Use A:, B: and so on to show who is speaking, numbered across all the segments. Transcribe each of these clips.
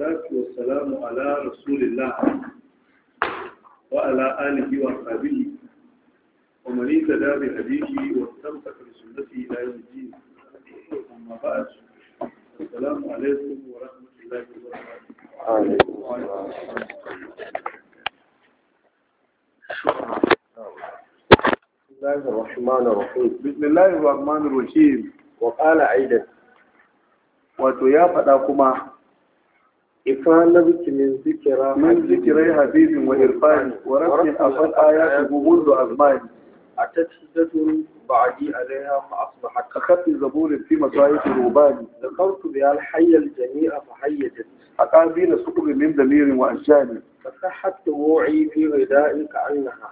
A: salatu wa salamu ala rasulillah wa ala alihi wa sahbihi wa man yatabi'a bi hadihi wa tamsak bi sunnati ila yawm al-din
B: amma ba'd assalamu alaykum wa rahmatullahi
A: wa بسم الله الرحمن الرحيم وقال عيدا وتو يا فدا كما بك من ذكرى من ذكرى حبيب وإرفان ورفع أفضل آياته منذ أزمان أتت حدة بعدي عليها فأصبحت أخذت زبور في مصايف الروبان ذكرت بها الحي الجميع فحيجت أقابل سكر من دمير وأشجان فصحت وعي في غذائي كأنها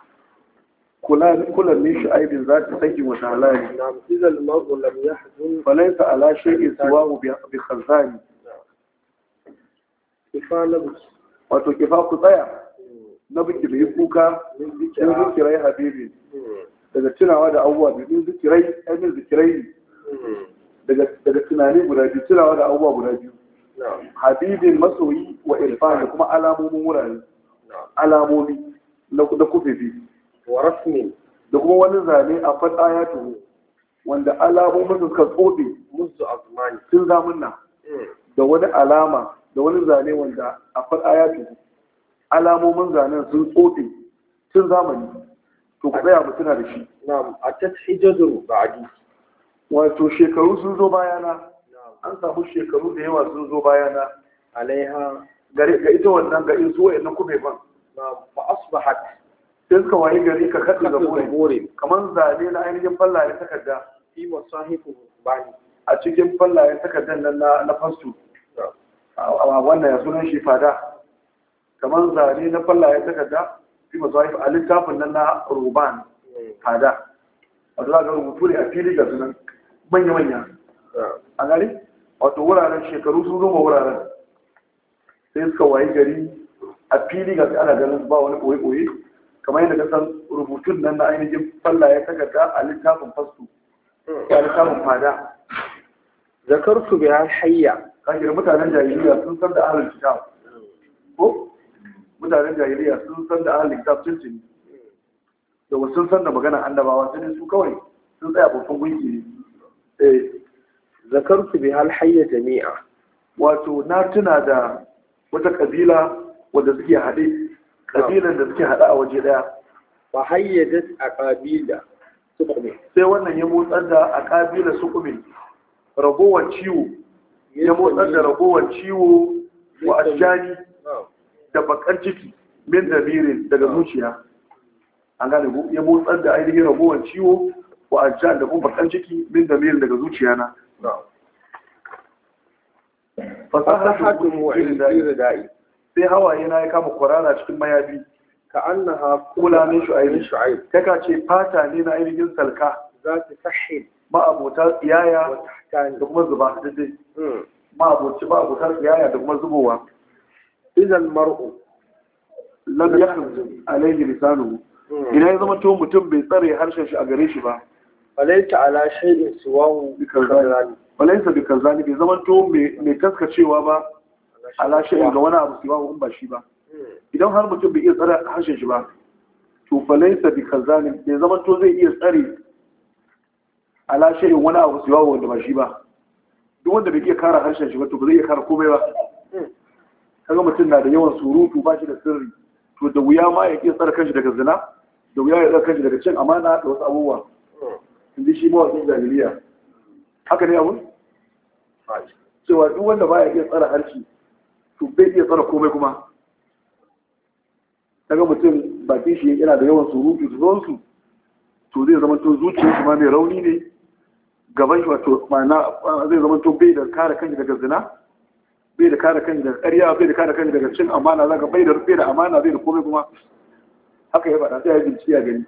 A: كل نيش أي ذات سيد وتعالى نعم إذا المرء لم يحزن فليس على شيء سواه بخزان wato kifa ku tsaya na biki bai kuka min zikirai habibi hmm. daga tunawa da abubuwa biyu min zikirai ainihin zikirai hmm. daga tunani guda biyu tunawa da abubuwa guda biyu habibin masoyi wa irfani kuma alamomin wurare alamomi na kufe biyu wa rasmi da kuma wani zane a fata ya tuhu wanda alamomin suka tsobe musu azmani tun zamunna hmm. da wani alama da wani zane wanda a faɗa ya ayatu alamomin zanen sun tsofe tun zamani to ku tsaya mutuna da shi A ta na'am a tashijazu ba'di wato shekaru sun zo bayana an samu shekaru da yawa sun zo bayana alaiha gare ga ita wannan ga in zuwa yannan kuma ban ba asbahat sai suka waye gari ka kaɗa da gore kamar zane na ainihin fallaye takarda fi masahifu bani a cikin fallaye takardan nan na fasto A wannan ya sunan shi fada kamar zane na falla ya takarda fi mazaif a littafin nan na ruban fada wato za ga rubutu ne a fili ga sunan manya-manya a gari wato wuraren shekaru sun ma wuraren sai suka waye gari a fili ga ana ganin ba wani koye-koye kamar yadda kasan rubutun nan na ainihin falla ya takarda a littafin fasto a littafin fada su bi hayya sakirar mutanen jahiliya sun san da ahalin kitab ko mutanen jahiliya sun san da ahalin kitab ce da wasu san da magana annabawa sun su kawai sun tsaya babban gungi ne eh, zakartu bi hal hayya jami'a wato na tuna da wata kabila wanda suke haɗe kabilan da suke haɗa a waje ɗaya hayya da aqabila ƙabila. sai wannan ya motsar da aqabila suqmi ragowar ciwo
B: ya motsar da ragowar
A: ciwo wa ashani da bakar ciki min zamirin daga zuciya an gane ku ya motsar da ainihin ragowar ciwo wa ashani da kuma bakar ciki min zamirin daga zuciya na fasahar hakim wa irin da'i sai hawaye na ya kama kwarara cikin mayabi ka an na annaha kula min shu'aib shu'aib kaka ce fata ne na ainihin salka za ta sahid ma'abota tsiyaya da kuma zuba daidai ma hmm. abuci ba abutar yaya da kuma idan mar'u lam yahzun alayhi lisanu hmm. idan ya zama to mutum bai tsare harshen shi a gare shi ba falaita ala shay'in siwahu bi kazani falaita bai zama to mai kaskacewa ba
B: ala shay'in ga wani abu
A: siwahu in ba shi ba hmm. idan har mutum bai iya tsare harshen shi ba to falaita bi kazani bai zama to zai iya tsare alashirin wani abu su yawon wanda ba shi ba duk wanda bai iya kara harshen shi ba to ba zai iya kara komai ba kaga mutum na da yawan surutu ba shi da sirri to da wuya ma ya iya tsara kanshi daga zina da wuya ya tsara kanshi daga cin amana da wasu abubuwa in ji shi wasu jahiliya haka ne abun cewa duk wanda ba ya iya tsara harshe to bai iya tsara komai kuma kaga mutum bakin shi yana da yawan surutu su zonsu to zai zama to zuciyarsu ma mai rauni ne gaban shi wato ma'ana zai zama to bai da kare kanki daga zina bai da kare kanki daga ƙarya bai da kare kanki daga cin amana zaka bai da bai da amana bai da komai kuma haka ya faɗa sai ya bincike ya gani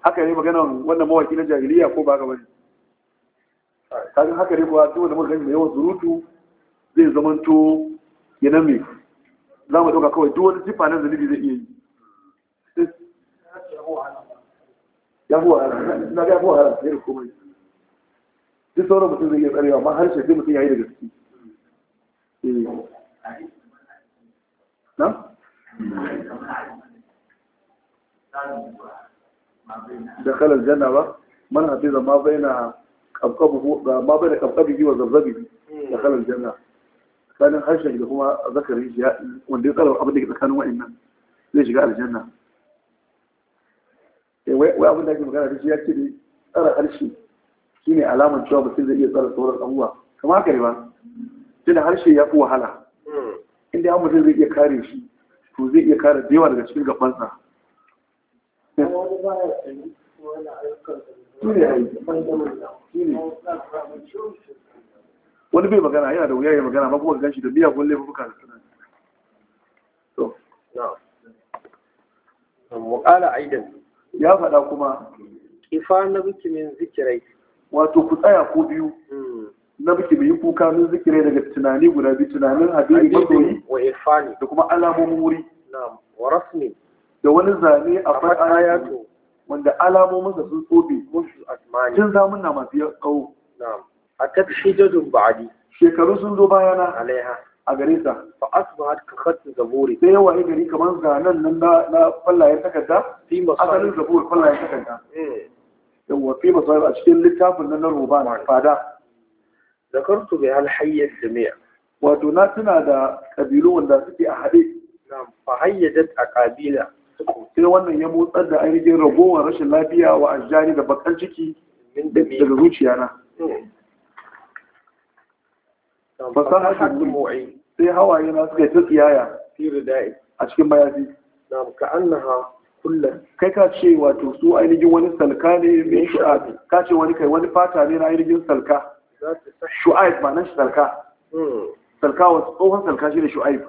A: haka ne magana wannan mawaki na jahiliya ko ba ka bane kaga haka ne kuwa duk wanda muka gani mai yawan surutu zai zama to yana mai za mu ɗauka kawai duk wani jifa na zunubi zai iya yi ya huwa na ga huwa sai da komai دخل الجنة من هتيزا ما بين ما بين كبقبه دي وزبزبه دي دخل الجنة كان حاجه اللي هو ذكر ايش واللي قال ابو نجد كان هو امام ليش قال الجنه وابو نجد قال ايش يا كده ارى shi ne alamar cewa mutum zai iya tsara sauran abubuwa kamar haka ne ba tunda harshe ya fi wahala hmm. inda ya mutum zai iya kare shi to zai iya kare da yawa daga cikin gabansa wani bai magana yana da wuya ya magana ba kuma ganshi da biya kun laifin buka da sunan to aidan ya faɗa kuma ifa na min zikirai wato ku tsaya ko biyu hmm. na muke mai kuka min zikirai daga tunani guda biyu tunanin hadiri masoyi da kuma alamomin wuri da wani zane a far'a ya to wanda alamomin da sun tsobe tun zamun na masu kawo a ta shejajin ba'adi shekaru sun zo bayana a gare sa fa asbahat ka khatmi zaburi sai yawa gari kamar zanen nan na fallayen takarda asalin zabur fallayen takarda hmm. yawwa fi masahib a cikin littafin nan na ruban fada zakartu bi hal hayyat jami'a wato na tuna da kabilu wanda suke a haɗe na fa a aqabila sai wannan ya motsar da ainihin ragowar rashin lafiya wa ajjani da bakan ciki daga zuciya na hmm. fasahar sai hawaye na suka ta tsiyaya a cikin mayafi na ka annaha kullan kai ka ce wato su ainihin wani salka ne mai shu'abi ka ce wani kai wani fata ne na ainihin salka shu'aib ba nan salka salka wasu tsohon salka shi ne shu'aib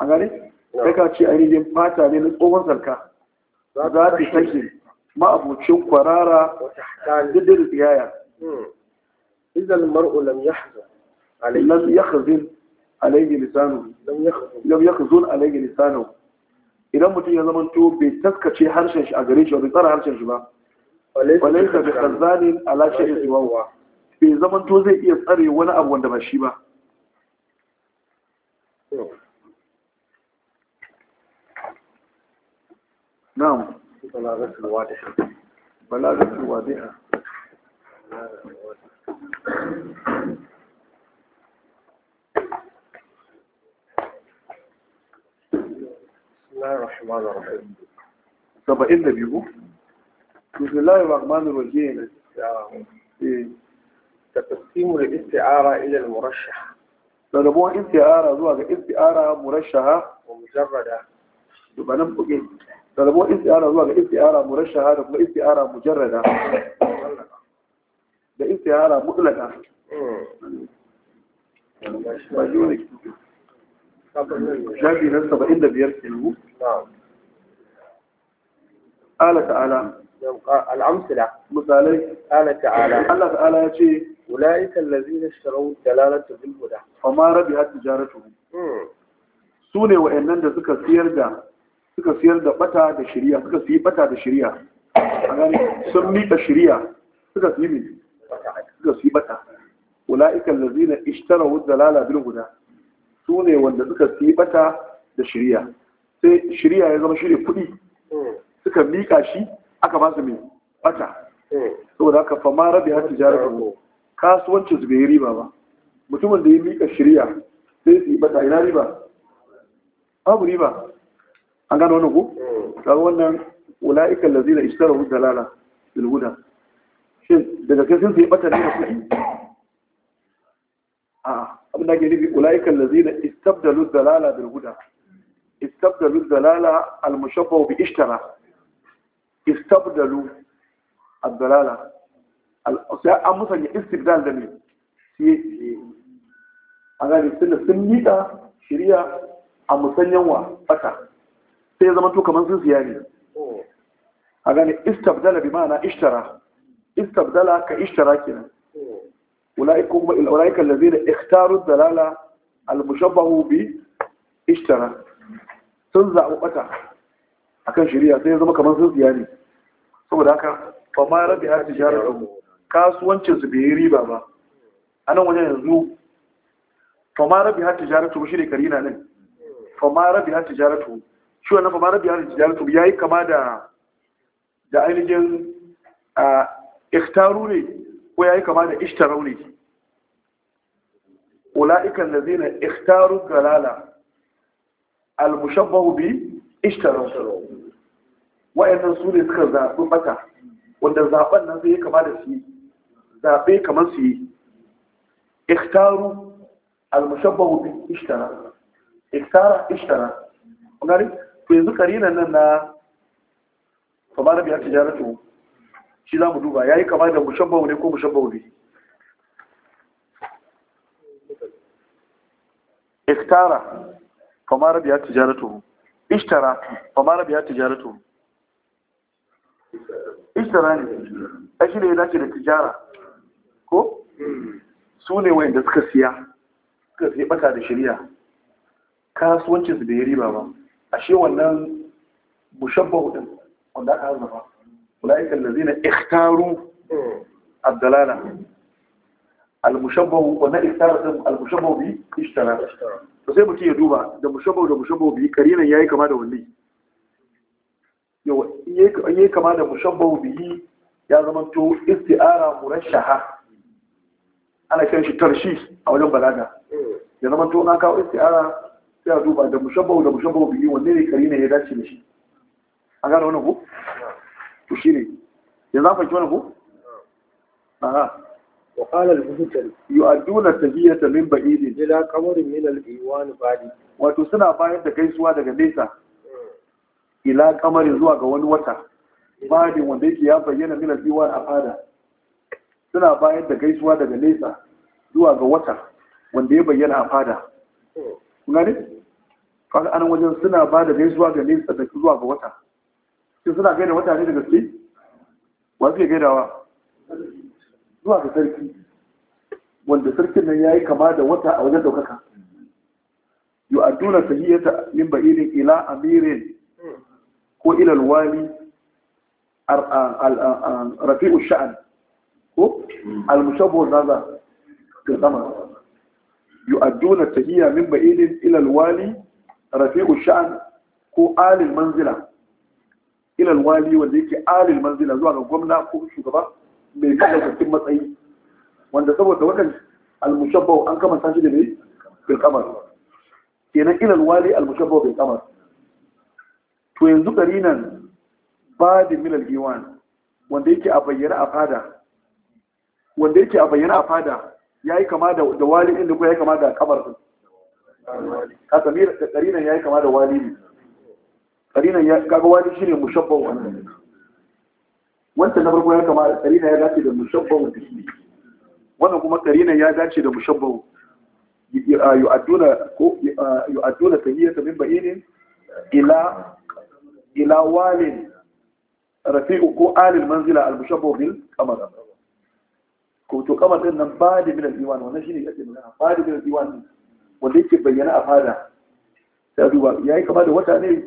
A: a gane kai ka ce ainihin fata ne na tsohon salka za ta sake ma'abucin kwarara diddin tsiyaya idan mar'u lam yahzan lam yahzan alayhi lisanu lam yahzun alayhi lisanu idan mutum ya zama to bai taskace harshen shi a gare shi bai tsara harshen shi ba walaisa bi khazani ala shi zuwa bai zama to zai iya tsare wani abu wanda ba shi ba
B: na'am balagatul wadiha balagatul wadiha
A: الله الرحمن الرحيم طب ايه اللي بيقول بسم الله الرحمن الرحيم تقسيم الاستعارة إلى المرشح طلبوا استعارة زوجة استعارة مرشحة ومجردة يبقى نبقى طلبوا استعارة زوجة استعارة مرشحة وكما استعارة مجردة ده استعارة مطلقة مجردة نعم آلة آلة العمسلة مثالة آلة آلة آلة أولئك الذين اشتروا الدلالة بالهدى فما ربحت تجارتهم سوني وإنان ذا ذكر سير ذا ذكر سير ذا بتا ذا شريعة ذكر سير بتا ذا شريعة يعني سمي ذا ذكر سير ذا ذكر سير بتا أولئك الذين اشتروا الدلالة بالهدى su ne wanda suka siɓata da shirya sai shirya ya zama shirya kuɗi hmm. suka miƙa shi aka ba su mai bata hmm. saboda haka fama rabi har tijarar mu kasuwancin su bai riba ba mutumin da ya miƙa shirya sai su yi bata ina riba babu riba an gano wani ku hmm. kawo wannan wula'ikan lazina ishtarar dalala bil huda shin daga kai sun sai bata ne da kuɗi abin da ke nufi ulaika allazina istabdalu dalala bil huda istabdalu dalala al mushabbahu bi ishtara istabdalu ad dalala sai an musanya istibdal da ne shi a gani sun sun wa fata sai zama to kamar sun siya ne a istabdala bi ma'ana ishtara istabdala ka ishtara kenan da أولئك الذين اختاروا الدلالة المشبه ب اشترى تنزع وقتا akan shari'a sai ya zama kamar sun siya ne saboda haka ba ma rabi har tijarar abu kasuwancin su bai yi riba ba a nan yanzu fa ma rabi har tijarar tu shi ne na nan fa ma rabi har tijarar tu shi wannan fa ma rabi har tijarar tu yayi kama da da ainihin a ikhtaru ne ko ya yi kama da ishtarau ne ula'ikan da zina ikhtaru galala al-mushabbahu bi ishtarau wa'annan su ne suka zaɓi mata wanda zaɓen nan zai yi kama da su yi zaɓe kamar su yi ikhtaru al-mushabbahu bi ishtara ikhtara ishtara kun gani yanzu karinan nan na fa ba da biya tijaratu shi za mu duba ya yi kama da mushabba ne ko mushabba ne iftara famara biya tijaratu ishtara famara biya tijaratu ishtara ne a shi ne ya dace da tijara ko su ne wayanda suka siya suka siya bata da shirya kasuwancinsu da ya riba ba ashe wannan mushabba hudun wanda aka harzaba أولئك الذين اختاروا الدلالة المشبه وانا اختار المشبه به اشترى فسي متي يدوبا ده مشبه ده مشبه به كرينا ياي كما ده ولي يو ياي كما ده مشبه به يا زمان تو استعاره مرشحه ana kiran shi tarshi a wajen balaga ya zama to na kawo istiara sai a duba da mushabbau da mushabbau biyu wanne ne kari ne ya dace da shi an gane wannan ko to shine yanzu an fahimci wani ko aha وقال الهجل يؤدون التهية من بعيد إلى قمر من الإيوان بعد وتسنى بايد تكيسوا daga nesa hmm. ila kamarin zuwa ga wani wata hmm. bani wanda yake ya bayyana min al a fada suna bayar da gaisuwa daga nesa zuwa ga wata wanda ya bayyana a fada hmm. kun gane kaga anan wajen suna ba da gaisuwa ga nesa da zuwa ga wata shi suna gaida mutane da gaske wa suke gaidawa zuwa ga sarki wanda sarkin nan ya yi kama da wata a wajen daukaka yu adduna tahiyata min ba'irin ila amirin ko ilal alwali rafi'u sha'an ko almushabbu zaza ta sama yu ta tahiya min ba'irin ilal alwali rafi'u sha'an ko alin manzila ilal wali wanda yake alil manzila zuwa ga gwamna ko shugaba mai kasashen matsayi wanda saboda wannan almushabbau an kama shi da mai bil kamar kenan ilal wali almushabbau bil kamar to yanzu gari nan ba da milal diwan wanda yake a bayyana a fada wanda yake a bayyana a fada yayi kama da wali inda ko yayi kama da kamar ka samira da gari nan yayi kama da wali ne ƙarinan ya kaga wani shine mushabbahu wannan wanda na farko ya kama ƙarinan ya dace da ne. wannan kuma ƙarinan ya dace da mushabbahu yu'adduna ko yu'adduna tahiyyata min ba'inin ila ila walin rafi'u ko alil manzila al mushabban bil qamar ko to kamar din nan ba da min al-iwan wannan shine yake magana ba da min al-iwan wanda yake bayyana a fada sai duba yayi kama da wata ne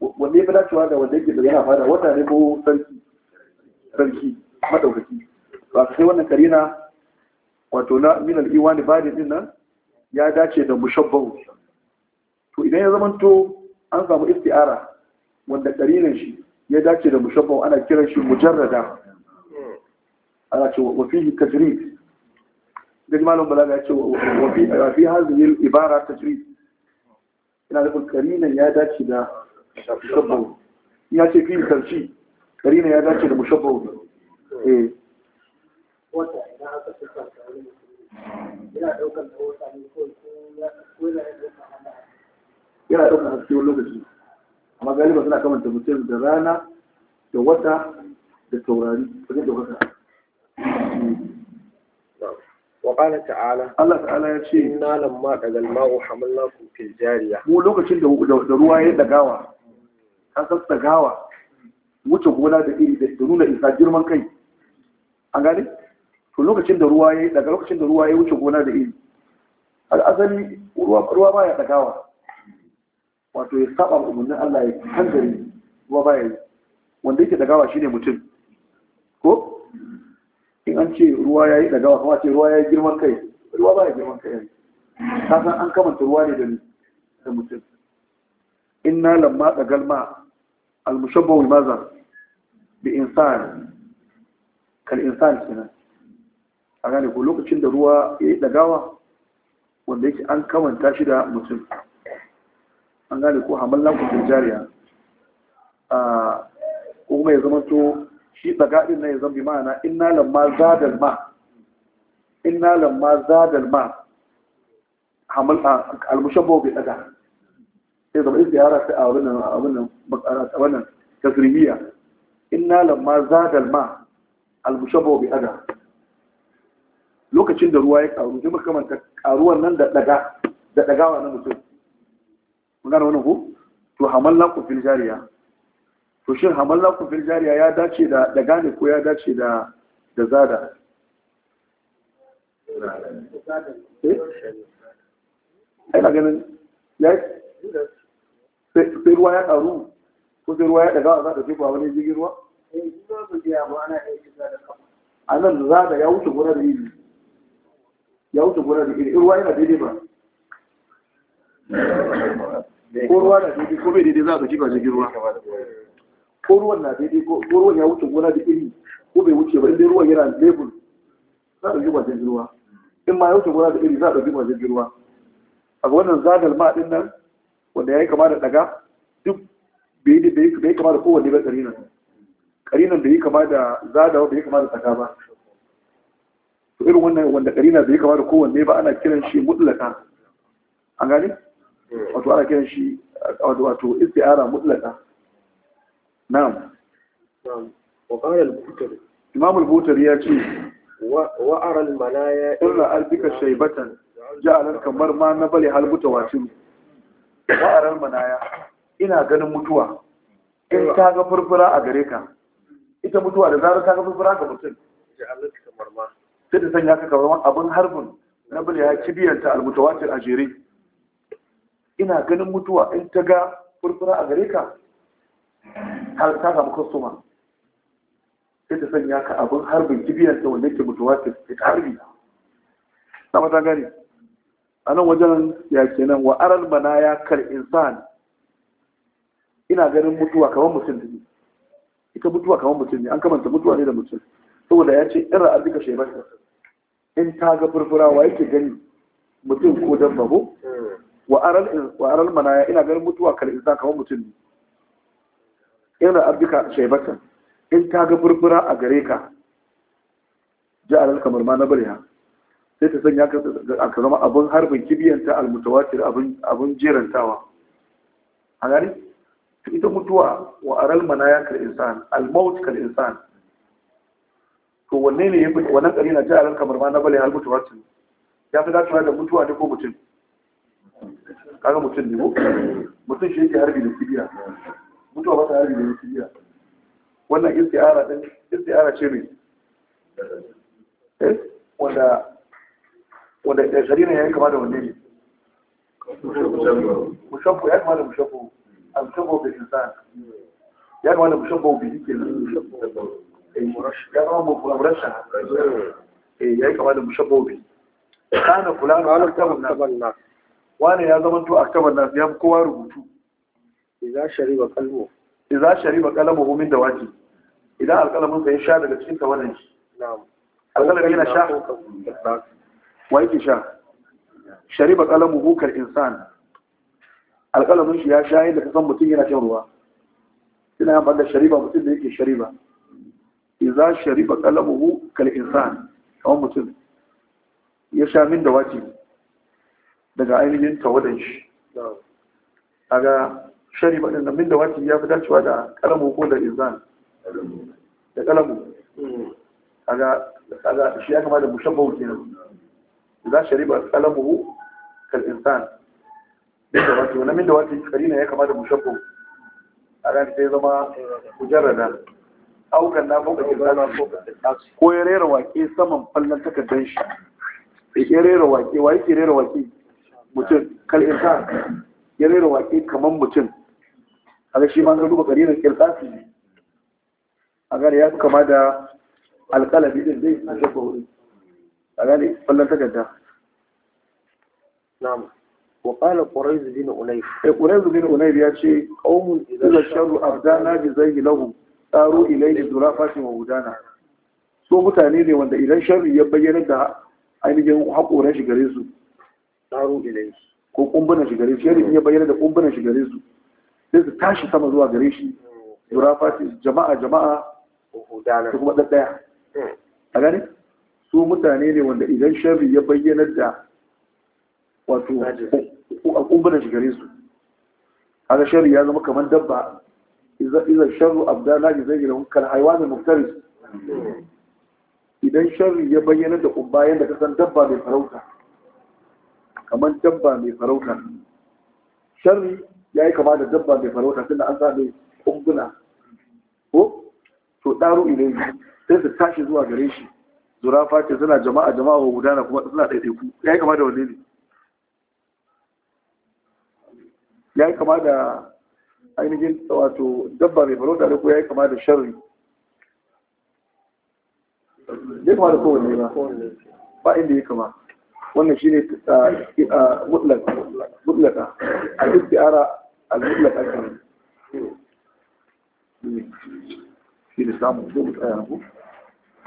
A: wanda ya fi dacewa da wanda yake yana fada wata ne ko sarki sarki madaukaki ba sai wannan karina wato na minal iwani ba din nan ya dace da mushabbahu to idan ya zamanto an samu isti'ara wanda karinan shi ya dace da mushabbahu ana kiran shi mujarrada ana ce wa fihi tajrid dan malam balaga ya ce wa fi hadhihi al ibara tajrid ina da karinan ya dace da ya ce fi tarci karina ya dace da mushabbahu eh yana da wata ne haske wani lokaci amma galiba suna kamanta mutum da rana da wata da taurari wajen daukaka وقال تعالى الله تعالى يقول إنا لما دغ الماء حملناكم في الجارية مو لوكacin da ruwa ya dagawa Ka sassa gawa wuce gona da iri da nuna isa girman kai an gane to lokacin da ruwa ya daga lokacin da ruwa ya wuce gona da iri al'azali ruwa baya dagawa wato ya saba umarnin Allah ya kankare ruwa baya yi wanda yake dagawa shine mutum ko in an ce ruwa ya yi dagawa kuma ce ruwa ya yi girman kai ruwa baya girman kai ka san an kamanta ruwa ne da mutum inna lamma dagal ma al-mushabbahu maza bi insan kal insan kenan a gane ko lokacin da ruwa ya yi dagawa wanda yake an kamanta shi da mutum an gane ko hamallan kudin jariya a kuma ya zama to shi tsagaɗin na ya zambi ma'ana inna lamma zadal ma inna lamma zadal ma hamal al-mushabbahu bi daga sai zama istihara sai a wannan nan bakara wannan tasrihiya inna lamma zadal ma al-mushabbahu bi ada lokacin da ruwa ya karu sai muka ta karuwan nan da daga da dagawa na mutum mun gane wannan ko to hamalla ku fil jariya to shin hamalla ku fil jariya ya dace da daga ne ko ya dace da da zada eh? ai ganin ya sai ruwa ya ƙaru ko sai ruwa ya daga za ta jefa wani jirgin ruwa eh, a nan za da ya wuce gona da iri ya wuce gona da iri ruwa yana daidai ba ko ruwa na daidai ko bai daidai za ta jefa jirgin ruwa ko ruwan na daidai ko ruwan ya wuce gona da iri ko bai wuce ba inda ruwa yana lebur za ta jefa jirgin ruwa in ma ya wuce gona da iri za ta jefa jirgin ruwa a wannan zagal ma din nan wanda ya yi kama da daga duk bai kama da kowanne ba karinan karinan bai yi kama da zadawa bai yi kama da daga ba to irin wannan wanda karina bai yi kama da kowanne ba ana kiran shi mutlaka an gani wato ana kiran shi wato istiara mutlaka na'am وقال البوتر إمام البوتر يأتي وأرى الملايا shaibatan ألبك kamar ma na bali halbuta, هالمتواتم wa'arar manaya ina ganin mutuwa in ta ga furfura a gare ka ita mutuwa da zarar ta ga furfura ga mutum sai ta sanya ka kamar abin harbin na bil ya kibiyanta almutawatir a jere ina ganin mutuwa in ta ga furfura a gare ka har ta samu kostoma, sai ta sanya ka abin harbin kibiyanta wanda ke mutuwatir ta harbi na mata gani. a nan wajen ya nan wa aral mana ya kar insan ina ganin mutuwa kamar mutum ne ita mutuwa kamar mutum ne an kamanta mutuwa ne da mutum saboda ya ce irin arzika shebata in ta ga furfurawa yake gani mutum ko dabba babu wa aral ya, ina ganin mutuwa kar insan kamar mutum ne irin arzika shebata in ta ga furfura a gare ka ja'alal kamar ma na bariya sai ta sanya ka zama abin harbin kibiyanta almutawatir abin jerantawa a gani ita mutuwa wa aral ya kar insan almaut kar insan to wanne ne ya fi wannan kari na ji aral kamar ma na bale hal ya fi dacewa da mutuwa ne ko mutum kaga mutum ne ko mutum shi yake harbi da kibiya mutuwa ba ta harbi da kibiya wannan istiara din istiara ce ne eh, wanda wanda da shari'a ya yi kama da wanne ne mushabbu ya kama da a al mushabbu sun insan ya kama da mushabbu bil kenan ya kama da murashan eh ya kama da mushabbu bil kana fulano ala ta nas wani ya zama to akaban nas ya kowa rubutu idza shariba qalbu idza shariba qalbu min dawati idan alƙalamin ka ya sha daga cikin tawanan shi na'am alqalamin yana sha wa yake sha shariba kalamu hukar insan alkalamin shi ya sha yadda kasan mutum yana shan ruwa suna yan da shariba mutum da yake shariba iza shariba kalamu hukar insan kamar mutum ya sha min da waki daga ainihin tawadan shi aga shariba din min da waki ya fi dacewa da kalamu ko da insan da kalamu hmm. aga shi ya kama da mushabbahul kenan za shariba kalamuhu kal insan da wato na min da wato karina ya kama da shabbo a ran sai zama mujarrada aukan na ke zama ko ya rera wake saman fallon takardar shi ya rera wake wa yake rera wake mutum kal insan ya rera wake kaman mutum a shi ma ga duba karina ke ne a ya kama da alƙalabi din zai a shafa a gane kwallon takarda na'am wa qala quraiz bin unayf eh quraiz bin unayf ya ce qaumun idza sharu abdana bi zayhi lahum taru ilayhi durafatin wa hudana so mutane ne wanda idan sharri ya bayyana da ainihin haƙoran shi ko kumbunan shi gare ya bayyana da kumbunan shi su sai su tashi sama zuwa gare shi durafatin mm. jama'a jama'a wa kuma daddaya mm. a gane su mutane ne wanda idan sharri ya bayyana da wato a kumbunan shi gare su haka sharri ya zama kamar dabba idan sharru abdala ne zai gina kal haiwan muftaris idan sharri ya bayyana da kumba yadda ka san dabba mai farauta kamar dabba mai farauta sharri ya yi kama da dabba mai farauta tunda an zaɓe kumbuna ko to ɗaru ilai sai su tashi zuwa gare shi zurafa ce suna jama'a jama'a wa gudana kuma suna ku. ya yi kama da wanne ne ya yi kama da ainihin wato dabba mai farauta tare ko ya yi kama da sharri ya kama da kowanne ba ba inda ya kama wannan shi ne mutlaka a istiara al-mutlaka kan shi ne samun zuwa mutu a ku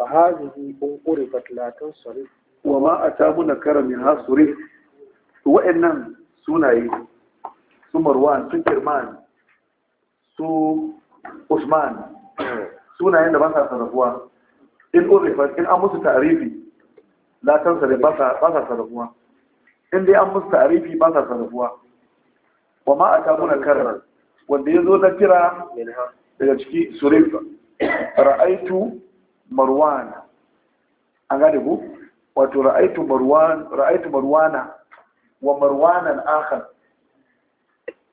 A: fa hazihi in urifat la tansarif wa ma atabu nakara min hasuri to wa'annan sunaye su Marwan su su Usman sunayen da ba sa sarrafuwa in an musu ta'rifi la tansarif ba sa sarrafuwa in dai an musu ta'rifi ba sa sarrafuwa wa ma atabu nakara wanda ya zo na kira daga ciki surif ra'aitu marwan an gane ku wato ra'aitu marwan marwana wa marwanan akhar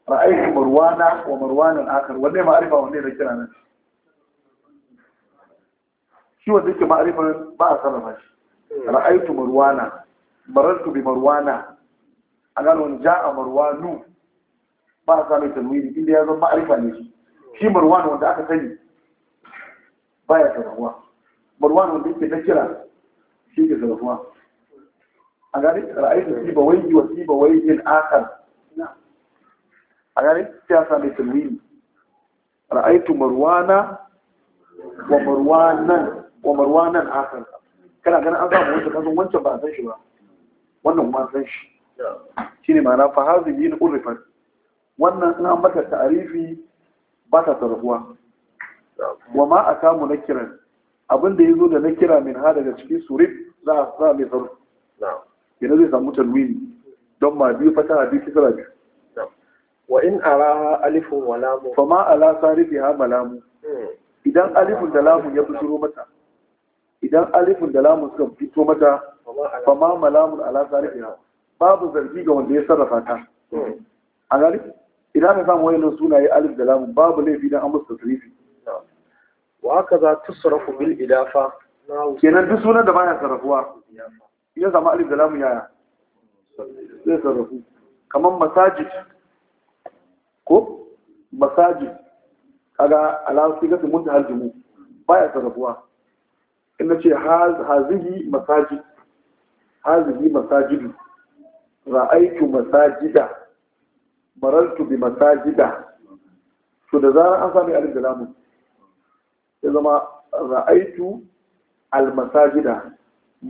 A: ra'aitu marwana wa marwanan akhar wanne ma'arifa wanne na kira nan shi wanda yake ma'arifa ba a ba shi ra'aitu marwana marartu bi marwana a gane wani a marwanu ba a samun tanwini inda ya zama ma'arifa ne shi shi marwan wanda aka sani ba ya sarrafuwa marwan wanda yake na kira shi ke zarafuwa a ra'ayi wai wa wai yin akar a siyasa mai marwana wa marwanan wa marwanan akar kana an samu wancan kasan wancan ba a san shi ba wannan ma san shi ma'ana yin wannan in an ta'arifi ba ta wa ma akamu nakiran abin da ya zo da na kira min ha daga cikin surib za a sa mai sarf yana zai samu talwini don ma biyu fata a biyu kisra biyu wa in ara alifin wa lamu fa ma ala sarifi ha malamu hmm. idan alifin da lamu ya fito mata idan alifin da lamun suka fito mata fa ma malamun ala sarifi ha babu zargi ga wanda ya sarrafa ta hmm. a gari idan ka samu wayannan sunaye alif da lamu, babu laifi dan an musu tasrifi wa aka za ta sarrafa mil idafa kenan duk sunan da baya sarrafuwa Ya zama alif da lamu yaya zai sarrafu kamar masajid ko masajid kaga alasu ga su munta haljumu baya sarrafuwa in nace hazihi masajid hazihi masajidu ra'aitu masajida maraltu bi masajida to da zarar an sami alif da lamu ya zama ra'aitu almasajida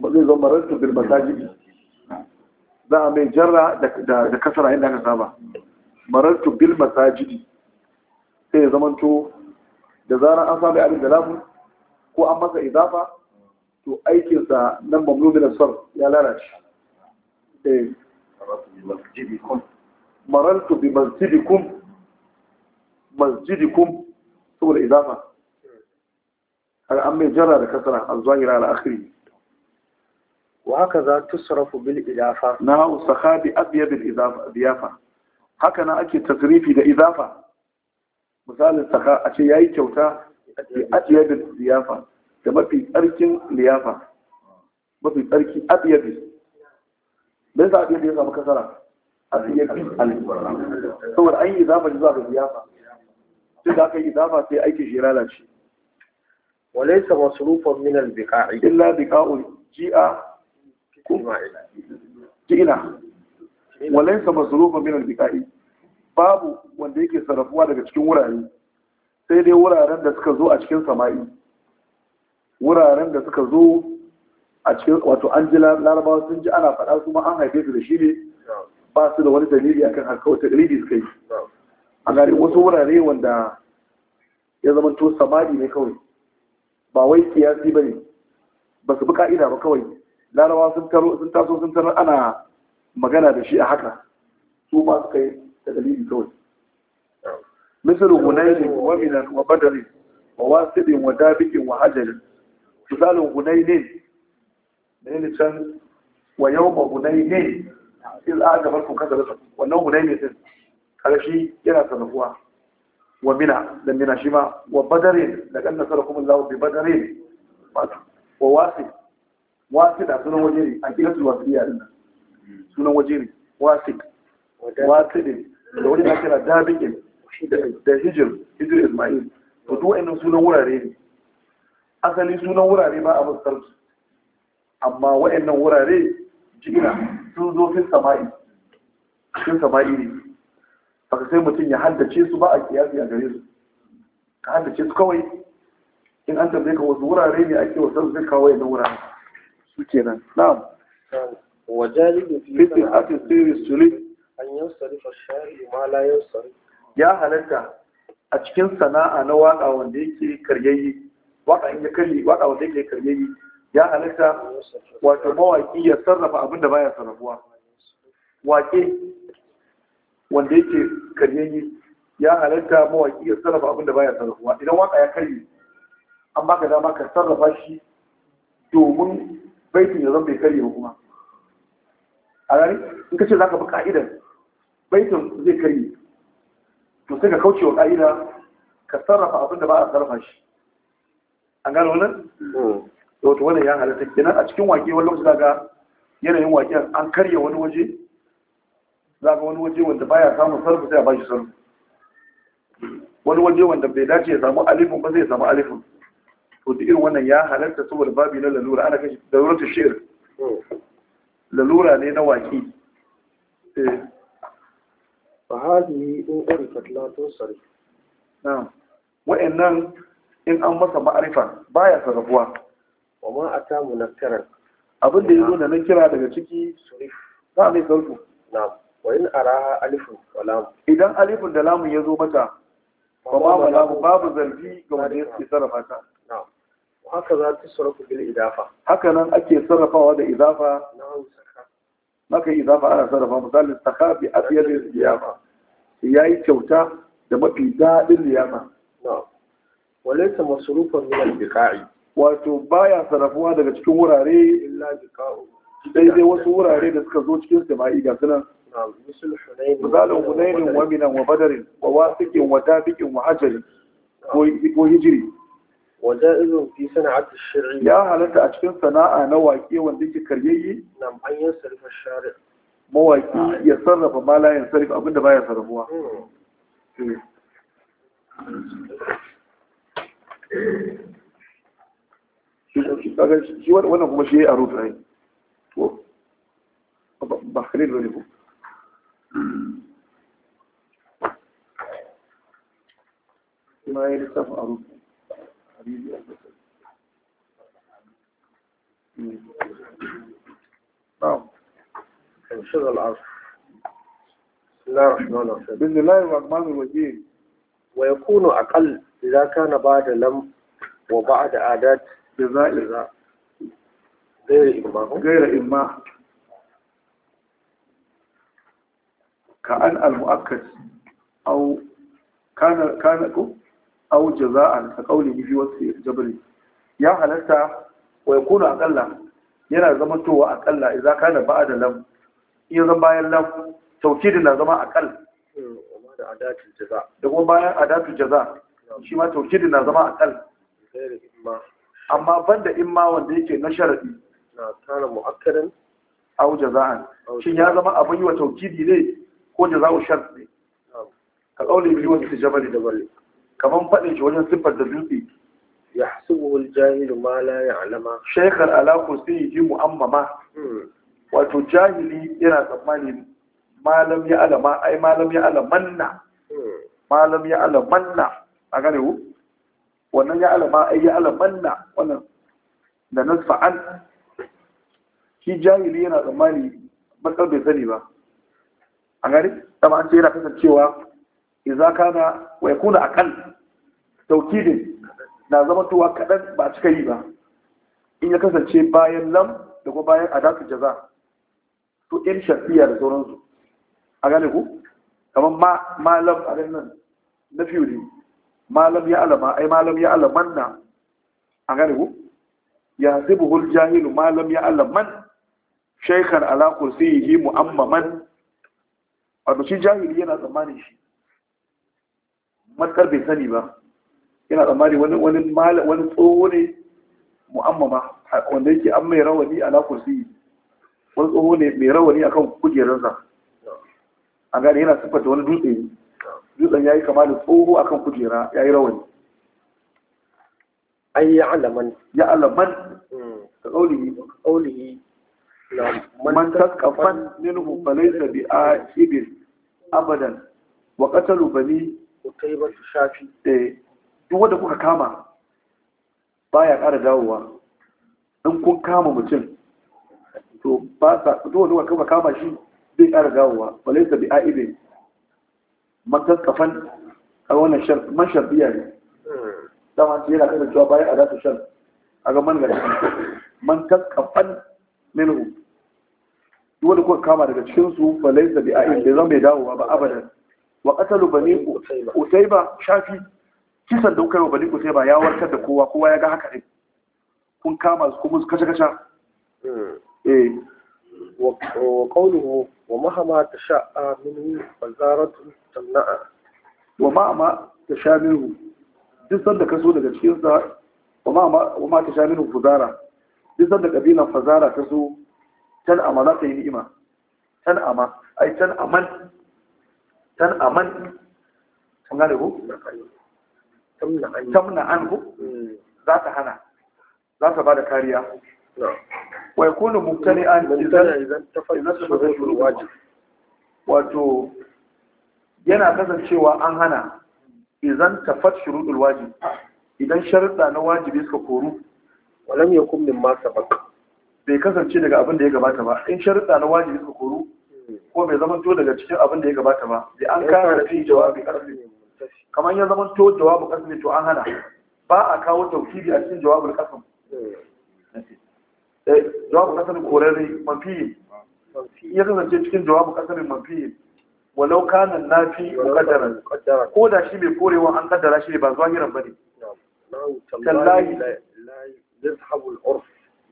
A: zai zama marantu bil masajidi za a mai jarra da kasara inda aka saba marantu bil masajidi sai ya zama to da zarar an sami abin da lamu ko an masa idafa to aikinsa nan mamlu min sar ya lalace eh marantu bi masjidikum masjidikum saboda idafa har an mai jara da kasara a zahira al akhiri wa haka za tusrafu bil idafa na usahabi abyad al idafa diyafa haka na ake tasrifi da idafa misalin saka a ce yayi kyauta bi abyad al diyafa da mafi tsarkin liyafa mafi tsarki abyad dan sa abyad ya samu kasara abyad al saboda an yi idafa da za ka liyafa sai da aka yi idafa sai aiki shi lalace وليس مصروفا من البقاع إلا بقاء جيء جئنا وليس مصروفا من البقاع babu wanda yake sarrafuwa daga cikin wurare sai dai wuraren da suka zo a cikin sama'i wuraren da suka zo a cikin wato an ji larabawa sun ji ana faɗa su ma an haife su da shi ne ba su da wani dalili akan harkar wata dalili suka yi a gari wasu wurare wanda ya zama to sama'i ne kawai ba wai kiyasi bane ba su bi ka'ida ba kawai larawa sun taro sun taso sun tarar ana magana da shi a haka su ma suka yi da dalili kawai misir hunayn wa minan wa badari wa wasidin wa Dabikin wa hajar misal da yin can wa yau a hunayn iz agabakum kasarat wannan hunayn din kaga yana sanarwa wa mina da mina shi ma wa badarin da kan nasara kuma lawo bi badarin wa wasi wasi da sunan waje ne a kira tulwa siriya din sunan waje ne wasi wasi ne da wani na kira dabikin da hijir hijir ismail to duk wa'annan sunan wurare ne asali sunan wurare ba a mustarci amma wa'annan wurare jigina sun zo fin sama'i sama'i ne baka sai mutum ya haddace su ba a kiyasi a gare su ka haddace su kawai in an tambaye ka wasu wurare ne ake wasu zai kawo yana wurare su kenan na'am wajalibin fitin hatin sirri sule an ma la sari ya halatta a cikin sana'a na waka wanda yake karyayyi waka in ya kalli waka wanda yake karyayyi ya halatta wato mawaki ya sarrafa abin da baya sarrafuwa wake wanda yake karyayye ya halatta mawaƙi ya sarrafa abin da baya sarrafuwa idan waka ya karye an baka dama ka sarrafa shi domin baitin ya zama bai karye ba kuma a rari in ka ce za ka bi ka'idar baitin zai karye to sai ka kauce wa ka'ida ka sarrafa abin da ba a sarrafa shi an gano wannan? Hmm. to wannan ya halatta kenan a cikin waƙe wani lokaci daga yanayin waƙen an karya wani waje za ga wani waje wanda baya samun sarfu sai a bashi sarfu wani waje wanda bai dace ya samu alifin ba zai samu alifin to da irin wannan ya halarta saboda babi na lalura ana kashi da wurin tashir lalura ne na waki eh. fa ne in urifat la sarfi na wa'annan in an masa ma'arifa baya sarrafuwa wa ma samu nakkarar abin da zo da na kira daga ciki sarfi za a mai sarfi na'am wa araha alifun wa lam idan alifin da Lamu ya zo mata ba ma lamu babu zargi ga wanda yake sarrafa ta haka za ta sarrafa bil idafa haka nan ake sarrafawa da idafa maka idafa ana sarrafa misali saka bi asiyar Ya yi kyauta da mafi daɗin liyafa walaita masrufan min al-biqa'i wato baya sarrafuwa daga cikin wurare illa biqa'u
B: Sai dai wasu
A: wurare da suka zo cikin sama'i ga sunan misalin hunainin wa wa badarin wa wasikin wa wa ko hijiri ya في a cikin يا na أشكن صناعة نواكي وانديك كريي نعم أن ينصرف الشارع مواكي يصرف ما لا ينصرف ما shi wannan kuma shi ya yi a rufe ba da wani بسم
B: الله الرحمن
A: الرحيم ويكون أقل إذا كان بعد لم وبعد عادات جزاء غير إما غير إما كأن المؤكد أو ya كان أو جزاء كقوله في وصف الجبل يا هلتا ويكون أقل ينا زمنته وأقل إذا كان بعد لم إذا بايا لم توكيدنا زمان أقل
B: da kuma bayan adatu jaza shi ma
A: na zama akal amma banda imma wanda yake na sharadi na tara mu'akkadan aw jaza'an shin ya zama abin yi wa taukidi ne ko da za shar ne ka kauli bi wani jabal da bal Kamar faɗin shi wajen siffar da dutse yahsubuhu wani jahilu ma la ya'lama shaykhan ala kursiyihi mu'ammama hmm. wato jahili yana tsammani malam ya alama ai malam ya alamanna hmm. malam ya alamanna a gane ku wannan ya alama ai ya alamanna wannan da nasfa'an shi jahili yana tsammani matsar bai sani ba an gani dama an ce yana kasancewa iza kana wa yakuna aqal taukidin na zama tuwa kadan ba cika yi ba in ya kasance bayan lam da kuma bayan adatu jaza to in shafiya da sauransu a gane ku kamar malam a nan na fiye ne malam ya alama ai malam ya alaman na a gane ku ya zibuhul jahilu malam ya alaman shaikar ala kursiyihi mu'ammaman a shi jahili yana tsammani, shi matkar bai sani ba yana tsammani wani wani tsoho ne mu'ammama wanda yake an mai rawani a kursi wani tsoho ne mai rawani akan kujerarsa a gane yana siffata wani dutse dutsen ya yi kama da tsoho akan kujera ya yi rawani an yi alaman ya alaman ka mm. ƙaunihi man tasqafan minhu falaysa bi aibin abadan wa qatalu bani utaybatu shafi eh duk wanda kuka kama baya ƙara dawowa in kun kama mutum to ba sa duk wanda kuka kama shi zai ƙara dawowa falaysa bi aibin man tasqafan a wannan shar man sharbiya ne hmm. dama yana kasancewa bayan a zata shan, a ga man gashi man tasqafan minhu duk wanda kuka kama daga cikin su fa laysa bi a'in bai zama bai dawo ba abadan wa qatalu bani utayba shafi kisan da kuka yi wa bani utayba ya warkar da kowa kowa ya ga haka ne kun kama su kuma su kashe kashe hmm. eh wa qawluhu wa mahama tasha'a minhu wazaratu tanna'a wa mahama tasha minhu duk sanda kaso daga cikin sa wa mahama wa ma tasha minhu fuzara duk da kabilan fazara ta zo can ama za ta yi ni'ima tan ama ai can aman tan aman kun gane ku tamna an ku hmm. za ta hana za ta bada kariya wa yakunu mubtani'an idan tafayyana shuru wajib wato yana kasancewa an hana idan tafat shurudul wajib idan sharuɗa na wajibi suka koru walam kun min ma ba bai kasance daga abin da ya gabata ba in sharuɗa na wajibi suka koru ko bai zama to daga cikin abin da ya gabata ba bai an kara da fi jawabi karfi kamar ya zama to jawabi karfi to an hana ba a kawo tauhidi a cikin jawabin kasm eh, eh jawabin kasmi korare mafi ya kasance cikin jawabu kasmi mafi walau kana nafi muqaddaran ko da shi bai korewa an kaddara shi ba zuwa hiran bane tallahi يذهب العرف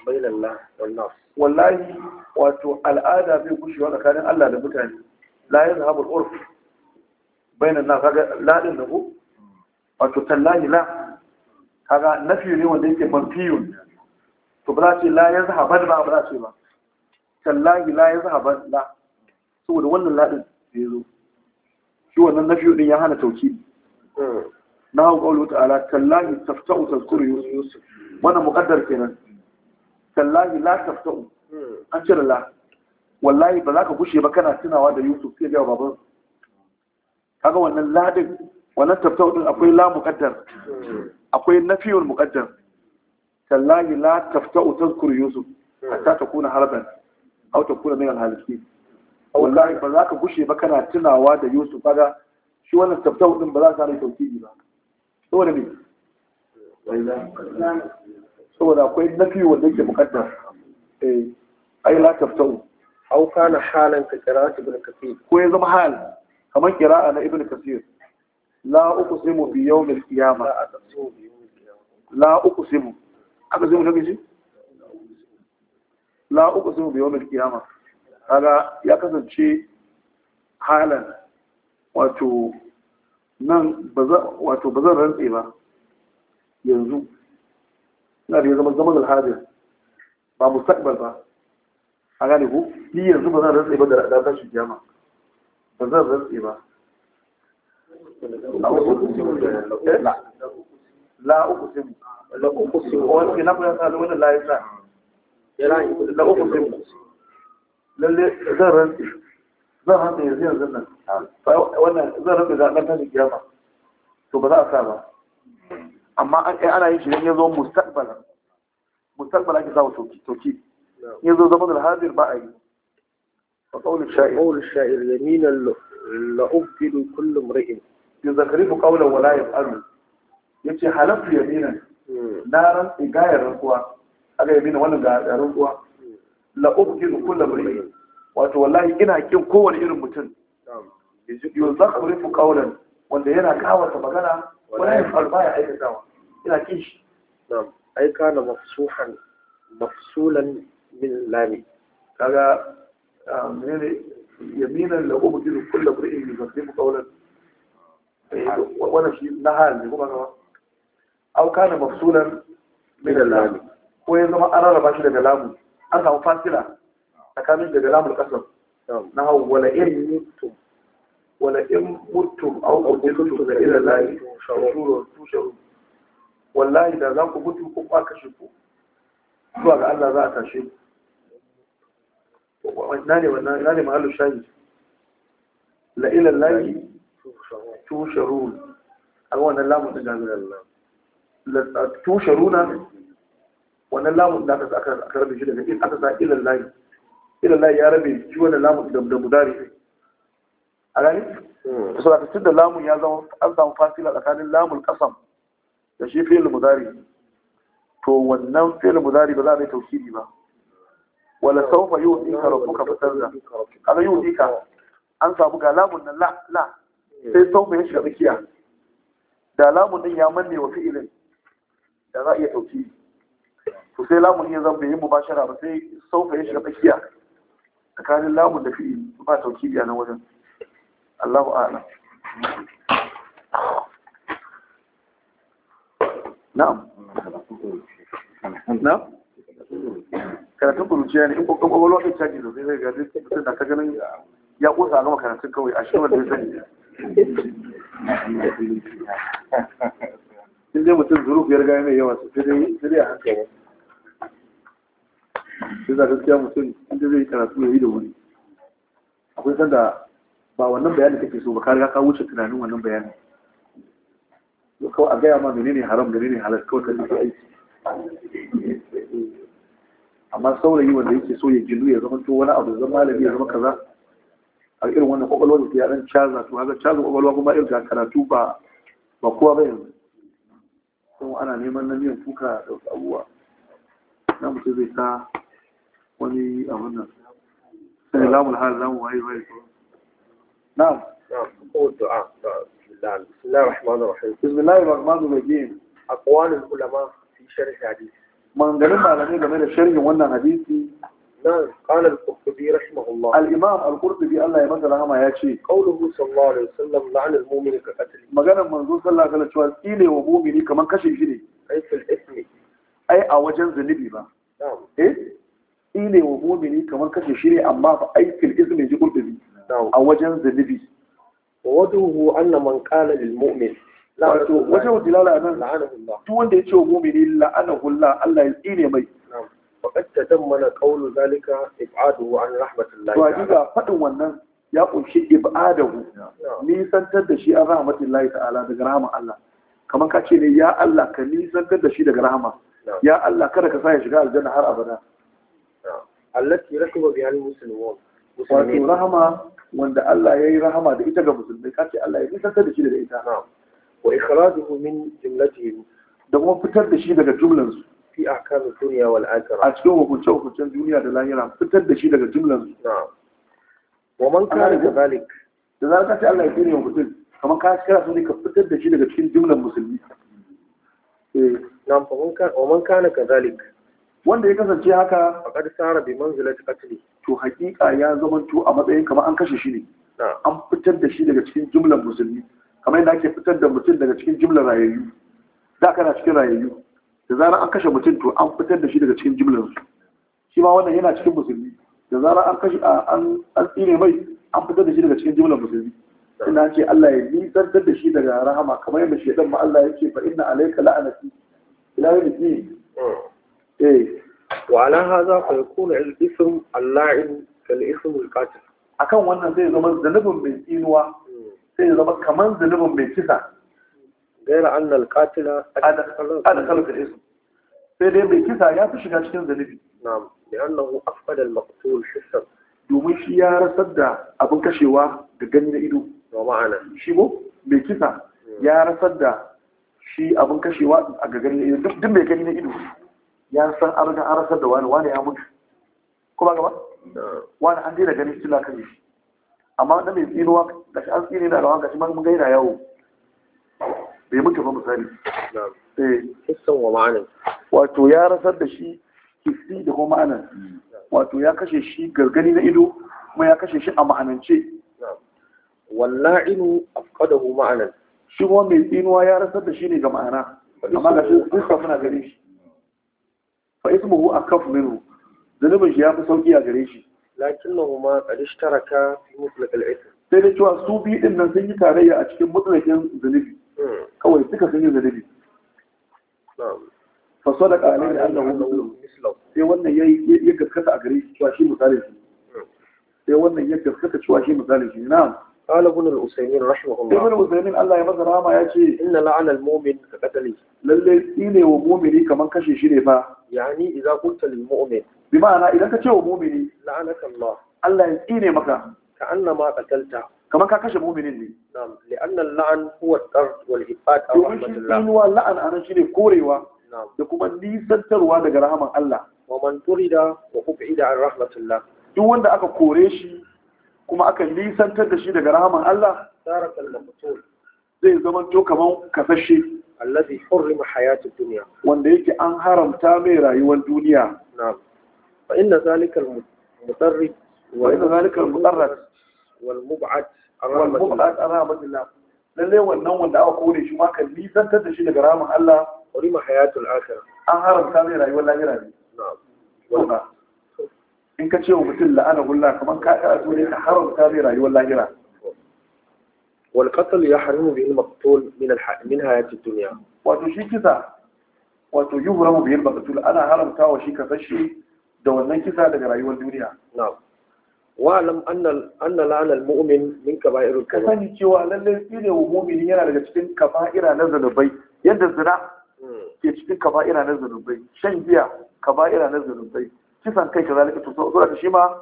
A: بين الله والناس والله واتو wato al'ada bai gushewa tsakanin Allah da mutane la yadhhabul urf bayna nas kaga la din wato la kaga nafi ne wanda yake manfiyun to ba ce la yadhhaban ba ba ce ba tallahi la la saboda wannan ladin din ya yazo shi wannan nafi din ya hana tauki na hau ƙaunar ta'ala tallahi tafta'u tazkuru yusuf wannan mukaddar kenan tallahi la tafta'u an cire la wallahi ba za ka gushe ba kana tunawa da yusuf sai ga baban kaga wannan ladin wannan taftau din akwai la mukaddar, akwai nafiyul mukaddar, tallahi la taftau tazkur yusuf hatta takuna harban aw takuna min al-halikin wallahi ba za ka gushe ba kana tunawa da yusuf kaga shi wannan taftau din ba za ka rai tauki ba saboda me saboda akwai nafi wanda yake mukaddar eh, ai la taftau aw kana halan ka qira'at ibn kathir ko ya zama hal kamar qira'a na ibn kathir la uqsimu bi yawm al-qiyamah la uqsimu aka zai wani shi la uqsimu bi yawm al-qiyamah kaga ya kasance halan wato nan wato bazan rantse ba ينزو نبي يزم الزمن الحاضر با مستقبل با أغاني هو في ينزو بنا رزق با دردا شو جامع بزر رزق با إيه؟ لا لا أقسم لا أقسم نعم. وأنا في نقل هذا لون لا يسع لا أقسم للي زر زر هذا يزيد زنا وأنا زر هذا لا تاني جامع تبغى أصابه amma eh, ana yin shi ne zo mustaqbalan mustaqbala ke zawo toki toki yanzu zaman al-hadir ba a yi wa qawl al-sha'ir qawl al-sha'ir yamin al-la'ubdilu kullu imri'in yuzakhrifu qawlan wa la yaf'alu yace halaftu yaminan hmm. na ran eh, gayar rantsuwa aga yaminan wannan ga rantsuwa hmm. la'ubdilu kullu imri'in wato wallahi ina kin kowane irin mutum yuzakhrifu ƙaunar wanda yana kawata magana wala yaf'al shi kana mafsuhan mafsulan min lami kaga ah, menene yaminan la ubdilu kullu qur'in yuzakkimu qawlan eh, wannan shi na hal ne kuma kawa au kana mafsulan min lami ko ya zama an rarraba shi daga lamu an samu fasila tsakanin daga lamul kasam na hau wala ilmi tum ولئن متم أو قتلتم إلى الله da za والله إذا ذاك متم كم ku. zuwa ga Allah za a tashe ku wannan ne ne shayi la ila tusharun a wannan lamun da tusharuna lamun aka rabe shi daga in aka sa ila lahi ila ya rabe shi wannan lamun da mudari a gani su da tun da lamun ya zama an samu fasila tsakanin lamun kasam da shi fi'il muzari, to wannan fi'il muzari ba za a yi tauhidi ba wala saufa yau in ka rabbuka fitar da kaga yau ka an samu ga lamun nan la la sai saufa ya shiga tsakiya da lamun din ya manne wa fi'ilin da za a iya tauhidi to sai lamun ya zama bai yi mubashara ba sai saufa ya shiga tsakiya tsakanin lamun da fi'il ba tauki a na wajen Allahu a'lam na'am na'am karatun kuruciya ne in kokan kwakwalwa ɗin caji sosai zai ga duk mutum da ta ganin ya kusa gama karatun kawai a shi wanda ya sani in dai mutum zuru biyar gaya mai yawa sosai dai sai dai a hankali sai da gaskiya mutum in dai zai karatu ya yi da wuri akwai sanda ba wannan bayanin kake so ba ka riga ka wuce tunanin wannan bayanin to kawai a gaya ma menene haram menene halal kawai ka yi aiki amma saurayi wanda yake so ya gindu ya zama to wani abu zama malami ya zama kaza a irin wannan kwakwalwa da ya dan caza to haka caza kwakwalwa kuma irin ga karatu ba ba kowa ba yanzu kuma ana neman na miyan kuka da wasu abubuwa na mutum zai ta wani abun nan sai lamun hal lamun waye waye نعم أقول دعاء بسم الله الرحمن الرحيم بسم الله الرحمن الرحيم أقوال العلماء في شرح الحديث من قال العلماء لما الشرح وانا حديثي نعم قال القرطبي رحمه الله الإمام القرطبي الله يمثل هما ياتي قوله صلى الله عليه وسلم لعن المؤمن كقتله ما قال منظور صلى الله عليه وسلم إلي ومؤمني كمان كشف شيء أي في الإثم أي أوجن ذنبي ما نعم إيه إلي ومؤمني كمان كشف شيء أما أي في الإثم يجي قرطبي a wajen zunubi waduhu anna man qala lil mu'min wato wajen dilala nan la'anahullah duk wanda yace wa mu'mini la'anahullah Allah ya tsine mai faqad tadammana qawlu zalika ib'aduhu an rahmatillahi to diga fadin wannan ya kunshi ib'adahu nisantar da shi an rahmatillahi ta'ala daga rahama Allah kamar ka ce ne ya Allah ka nisantar da shi daga rahama ya Allah kada ka sa ya shiga aljanna har abada allati rakuba biha al-muslimun wato rahama wanda Allah ya yi rahama da ita ga musulmai kace Allah ya nisanta da shi daga ita wa ikhrajuhu min jumlatihi da kuma fitar da shi daga jumlansu fi ahkamin duniya wal akhirah a cikin hukunce hukuncen duniya da lahira fitar da shi daga jumlansu wa man kana zalik. da zaka ce Allah ya tsire mutum kamar ka kira su ne ka fitar da shi daga cikin jumlan musulmi eh nan fa man kana wa man kana kadhalik wanda ya kasance haka faqad sara bi ta qatli to hakika ya zama to a matsayin kamar an kashe shi ne an fitar da shi daga cikin jumlar musulmi kamar yadda ake fitar da mutum daga cikin jumlar rayayyu da kana cikin rayayyu da zarar an kashe mutum to an fitar da shi daga cikin jumlar su shi ma wannan yana cikin musulmi da zarar an kashe an an tsine mai an fitar da shi daga cikin jumlar musulmi ina ce Allah ya nisantar da shi daga rahama kamar yadda shedan ma Allah ya ce fa inna alayka la'anati ila yawm Eh, wa ala haza fa yakuna al-ism al-la'in kal ism al-qatil akan wannan zai zama zanubin mai tsinuwa sai zama kaman zanubin mai kisa gaira annal qatila adkhala fil ism sai dai mai kisa ya fi shiga cikin zunubi na'am li'annahu afqada al-maqtul hissan domin shi ya rasar da abin kashewa ga gani na ido wa ma'ana shi ko mai kisa ya rasar da shi abin kashewa a ga gani na ido duk mai gani na ido ya san an an rasar da wani wani ya mutu ko ba gaba wani an daina ganin sila kan shi amma na mai tsinuwa ga shi an tsini na rawa ga shi mun gaina yawo bai mutu ba misali eh. hissan wa ma'ana wato ya rasar da shi kisi da kuma ma'ana wato ya kashe shi gargani na ido kuma ya kashe shi a ma'anance walla'inu afqadahu ma'ana shi kuma mai tsinuwa ya rasar da shi ne ga ma'ana amma ga shi suna muna gare shi fa ismuhu akaf minhu zanubin shi ya fi sauƙi a gare shi Lakin lakinnahu ma qad ishtaraka fi mutlaq al-ithm sai da cewa su biyu din nan sun yi tarayya a cikin mutlaqin zanubi hmm. kawai suka sun yi zanubi fa sadaqa alayhi annahu mislahu sai wannan ya gaskata a gare shi cewa shi misalin hmm. sai wannan ya gaskata cewa shi misalin shi na'am قال ابن الأسيمين رحمه الله ابن الأسيمين الله يمزر هاما يأتي إن لعن المؤمن كقتله للذين ومؤمني كمان كشي شريفا يعني إذا قلت للمؤمن بمعنى إذا كتش ومؤمني لعنك الله الله يسئيني مكا كأنما قتلته كمان كاكش مؤمنين لي نعم لأن اللعن هو الطرد والإباد أو رحمة الله يومشي إنوا لعن أنا شيني كوريوا نعم لكما نيسنتر وانا قرهما الله ومن طرد وقبعد عن رحمة الله دون أكا كوريشي kuma aka nisantar da shi daga rahaman Allah zai zama to kaman kasashe wanda yake an haramta mai rayuwar duniya na'am fa inna zalika al-mutarrid wa inna zalika mutarrid wal mub'ad wal mub'ad rahmatillah lalle wannan wanda aka kore shi ma kan nisantar da shi daga rahaman Allah hurrima hayatul akhirah an haramta mai rayuwar lahira ne na'am in ka ce wa mutum la'ana hulla kamar ka kara so ne ka haramta mai rayuwar lahira wal qatl yahrimu bihi al maqtul min al min hayati dunya wato shi kisa wato yuhramu bihi al maqtul ana haramta wa shi kasashe da wannan kisa daga rayuwar duniya na'am wa lam anna anna la'ana al mu'min min kaba'ir al kaba'ir sani cewa lalle shi ne mu'min yana daga cikin kaba'ira na zanubai yadda zina hmm. ke cikin kaba'ira na zanubai shan giya kaba'ira na zanubai kisan kai kazalika to zuwa da shi ma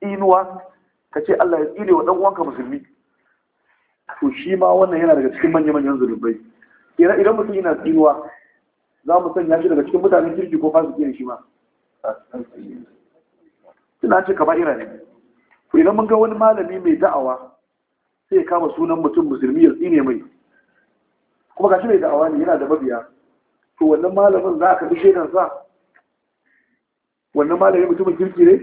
A: inuwa ka ce Allah ya tsire wa dan musulmi to shi ma wannan yana daga cikin manyan manyan zulubai idan idan mutum yana tsinuwa za mu sanya shi daga cikin mutanen kirki ko fasu ne shi ma suna ce kaba ira ne ku idan mun ga wani malami mai da'awa sai ya kama sunan mutum musulmi ya tsine mai kuma gashi mai da'awa ne yana da mabiya to wannan malamin za ka bi sa? wannan malami mutumin kirki ne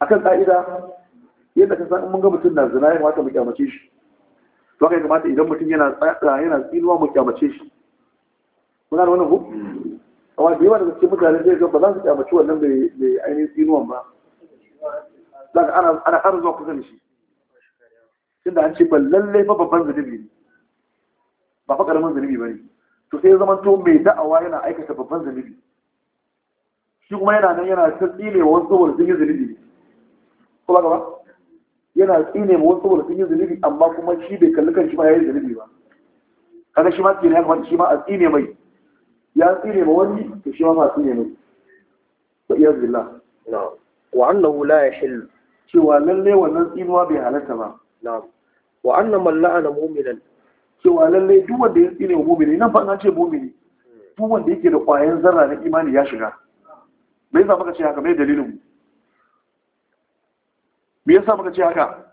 A: A kan ka'ida yadda ka san mun ga mutum na zina ya kamata mu kyamace shi to haka ya kamata idan mutum yana tsaya yana tsinuwa mu kyamace shi kuna da wannan ku amma da yawa daga cikin mutane zai ga ba za su kyamace wannan bai ainihin tsinuwan ba za ka ana har zuwa kusa da shi da an ce ba lallai fa babban zunubi ne ba fa karamin zunubi ba ne to sai ya zama to mai da'awa yana aikata babban zunubi shi kuma yana nan yana ta tsine wasu saboda sun yi zunubi ko gaba yana tsine wasu saboda sun yi zunubi amma kuma shi bai kalli kan shi ma yi zunubi ba kaga shi ma tsine ya kamata shi ma a tsine mai ya tsine ma wani to shi ma ma tsine mai iya zilla. billah na'am wa annahu la yahillu cewa lalle wannan tsinuwa bai halatta ba na'am wa anna man la'ana mu'minan cewa lalle duk wanda ya tsine wa mu'mini nan fa an ce mu'mini duk wanda yake da ƙwayan zarra na imani ya shiga me yasa muka ce haka mai dalilin mu me yasa muka ce haka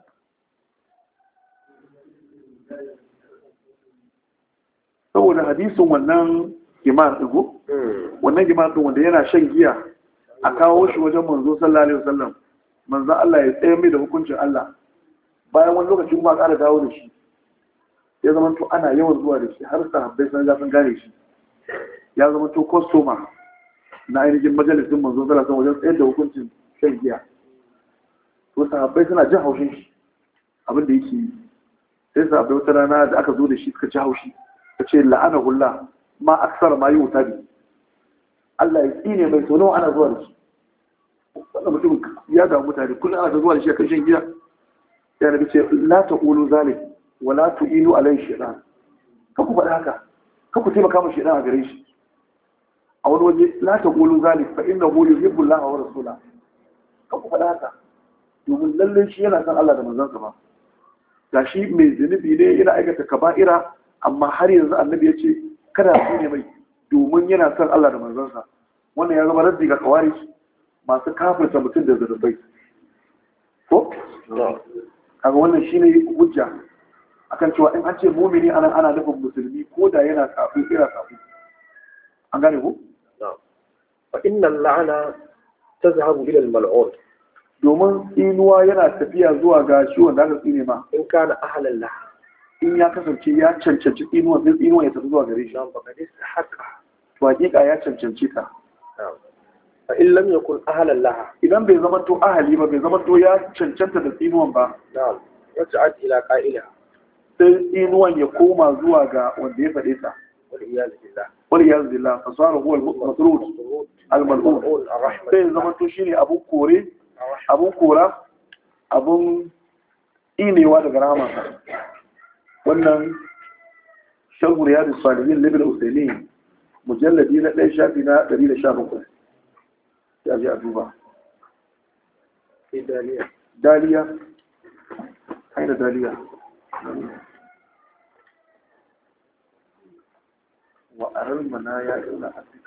A: saboda hadisin wannan imar ɗigo hmm. wannan imar ɗigo wanda yana shan giya a kawo shi wajen manzo sallallahu alaihi wasallam manzo Allah ya tsaye mai da hukuncin Allah bayan wani lokaci kuma ƙara dawo da shi ya zama to ana yawan zuwa da shi har sahabbai sun sun gane shi ya zama to customer na ainihin majalisun manzo zara sun wajen tsayar da hukuncin shan giya to sahabbai suna jin haushin shi abin da yake yi sai sahabbai wata rana da aka zo da shi suka ci haushi ta ce la'ana hulla ma aksar ma yi wuta bi Allah ya tsine mai sau nawa ana zuwa da shi wanda mutum ya damu mutane kullum ana zuwa da shi a kan shan giya ya nabi ce la ulu zalik wa la ilu alai shaytan ka ku faɗa haka ka ku taimaka ma shaytan a gare shi a wani waje la ta qulu zalik fa innahu yuhibbu Allah wa rasulahu kan ku faɗa haka domin lalle shi yana san Allah da manzansa ba gashi mai zunubi ne yana aikata kaba'ira amma har yanzu annabi ya ce kada su ne mai domin yana san Allah da manzansa wannan ya zama raddi ga kawari masu kafirta mutum da zunubai ko kaga wannan shine hujja akan cewa in an ce mumini anan ana nufin musulmi ko da yana kafin ira kafin an gane ku فإن اللعنة تذهب إلى الملعون دومن إن وينا تبيا زوا غاشي وندا سينما إن كان أهل الله إن يا كسرتي يا تشنتش إن و إن و يتزوا غري جامبا نعم، ليس حقا وديك يا تشنتشيكا نعم. فإن لم يكن أهل الله إذا بزمتو أهلي ما بزمتو يا تشنتش تسينوان با نعم يجعد إلى قائلها إن و يقوم زوا غا وندي فديتا ولي الله ولي الله فصار هو المطرود almal'ul sai zama to shine abun kore abun kora abun inewa daga rama wannan shagur ya risaliyin libin usaini mujalladi na ɗaya shafi na 117 ya ji a duba daliya aina daliya
B: wa'arar mana ya ɗauna a cikin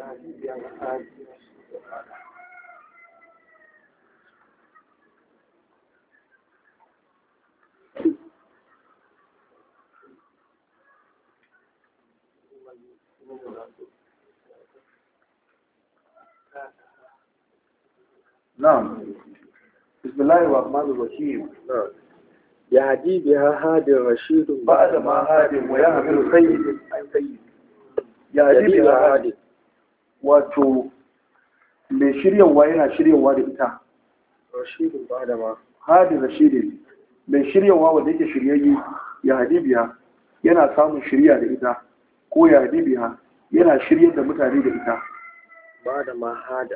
B: نعم
A: بسم الله الرحمن الرحيم يهدي بها هادي رشيد بعد ما هادي ويهمل سيد يهدي بها هادي wato mai shiryawa yana shiryawa da ita rashidin ba da ma hadi rashidin mai shiryawa wanda yake shiryayye ya hadibiya yana samun shirya da ita ko ya hadibiya yana shiryar da mutane da ita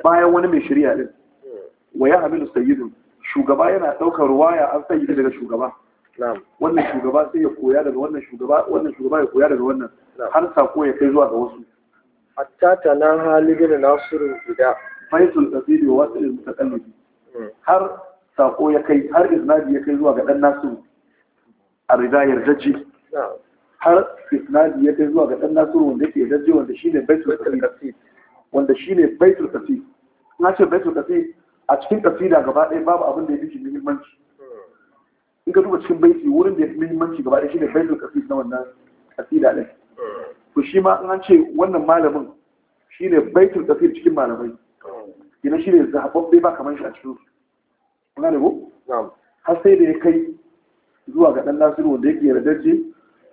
A: bayan wani mai shirya din
B: hmm.
A: wa ya hamilu sayyidun shugaba yana ɗaukar ruwaya an sayyidi daga shugaba wannan shugaba sai ya koya daga wannan shugaba wannan shugaba ya koya daga wannan har sako ya kai zuwa ga wasu hatta ta nan halibi da nasiru guda faisul tasiri wa wasu mutakallibi hmm. har sako ya kai har isnadi ya kai zuwa ga dan nasiru a rida yardaji har isnadi ya kai zuwa ga dan nasiru wanda yake yardaji wanda shine baitul tasiri wanda shine baitul tasiri na ce baitul tasiri a cikin kasida gaba ɗaya babu abin da ya fi muhimmanci hmm. in ka duba cikin wurin da ya fi muhimmanci gaba ɗaya shine na wannan to shi ma an ce wannan malamin shi ne baitul kafir cikin malamai ina shi ne bai ba kamar shi a cikin su kuna ne ko har sai da ya kai zuwa ga ɗan nasiru wanda yake je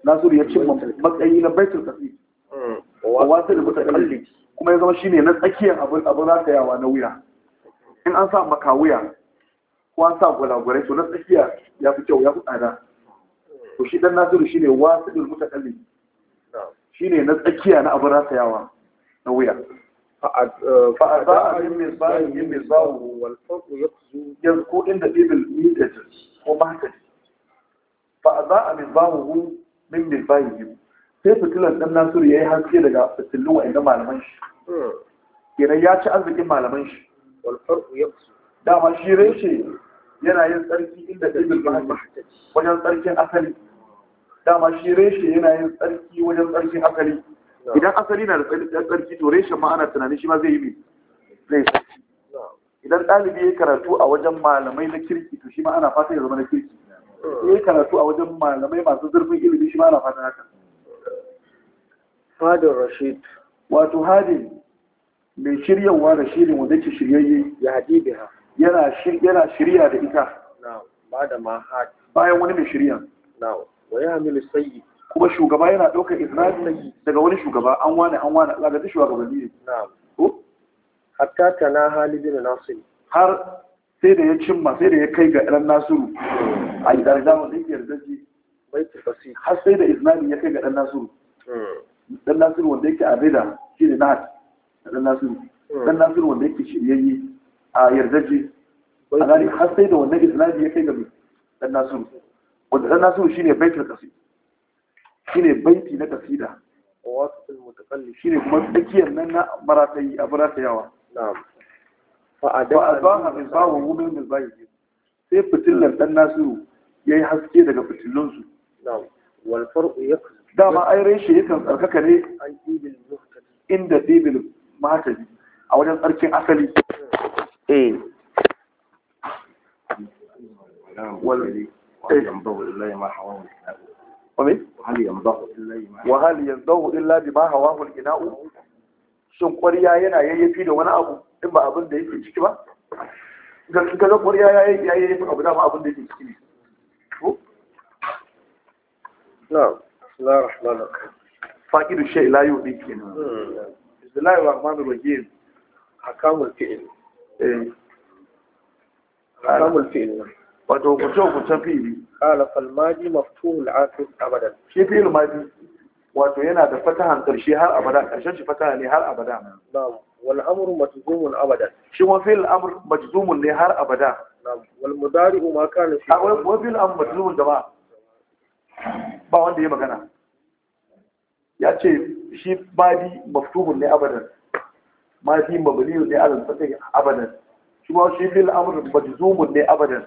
A: nasiru ya cimma matsayi na baitul kafir wasu da mutane kuma ya zama shi ne na tsakiyar abin abin ratayawa na wuya in an sa maka wuya ko an sa gwalagwarai to na tsakiya ya fi kyau ya fi tsada to shi ɗan nasiru shi ne wasu da mutane shine na tsakiya na abin rasayawa na wuya a za eh, fa'ada min misbahin min misbahu wal fawqu yaqzu ko inda ibil midat ko a mahkad fa'ada min misbahu min misbahin sai fitilan dan nasiru ya yi haske daga fitilun wa'anda malaman shi hmm. kenan ya ci arzikin malaman shi wal fawqu yaqzu dama shi reshe yana yin tsarki inda ibil mahkad wajen tsarkin asali dama shi reshe yana yin tsarki wajen tsarki asali idan asali na da tsarki to reshen ma ana tunanin shi ma zai yi mai idan ɗalibi ya karatu a wajen malamai na kirki to shi ma ana fata ya zama na kirki ya karatu a wajen malamai masu zurfin ilimi shi ma ana fata haka fadin rashid wato hadin mai shiryawa da shirin wanda ke shiryayye ya haɗi yana shirya da ita bayan wani mai shirya wa sayi kuma shugaba yana ɗaukar isra'il daga wani shugaba an wane an wane ne nasir har sai da ya cimma sai da ya kai ga ɗan nasiru a wanda yake yarda ji har sai da ya kai ga ɗan nasiru hmm. ɗan nasiru wanda yake a shi ne nahat ɗan nasiru hmm. ɗan nasiru wanda yake shiryayye a yarda ji a gani har sai da wannan ya kai ga ɗan nasiru wanda dan nasiru shine baitul qasid shine baiti na qasida shi ne kuma tsakiyar nan na maratayi a maratayawa na'am fa adaha min bawo mumin min bayi sai fitillar dan nasiru yi haske daga fitillun su na'am wal farq yakzu dama ai reshe yakan tsarkaka ne inda dibin mahatabi a wajen tsarkin asali eh wal Eh. وهل ينبغي إلا ما حواه وهل ينبغي بما حواه الإناء shin ƙwariya yana yayyafi da wani abu in ba abin da yake ciki ba ga kaga ƙwariya ya yi ya yi abu dama abin da yake ciki ne na la rahman rahim faqidu shay la yudi kenan bismillahir rahmanir rahim akamul fi'l eh akamul fi'l wato ku ce ku ta fili qala Falmaji madi maftuhul akhir abadan shi fili madi wato yana da fatahan karshe har abada karshen shi fataha ne har abada na'am wal amru majzumun abada. shi wa fil amr majzumun ne har abada na'am wal mudari'u ma kana shi wa fil amr majzumun da ba ba wanda ya magana ya ce shi madi maftuhun ne abadan madi mabniun ne alal fatah abadan shi ma shi fil amr majzumun ne abadan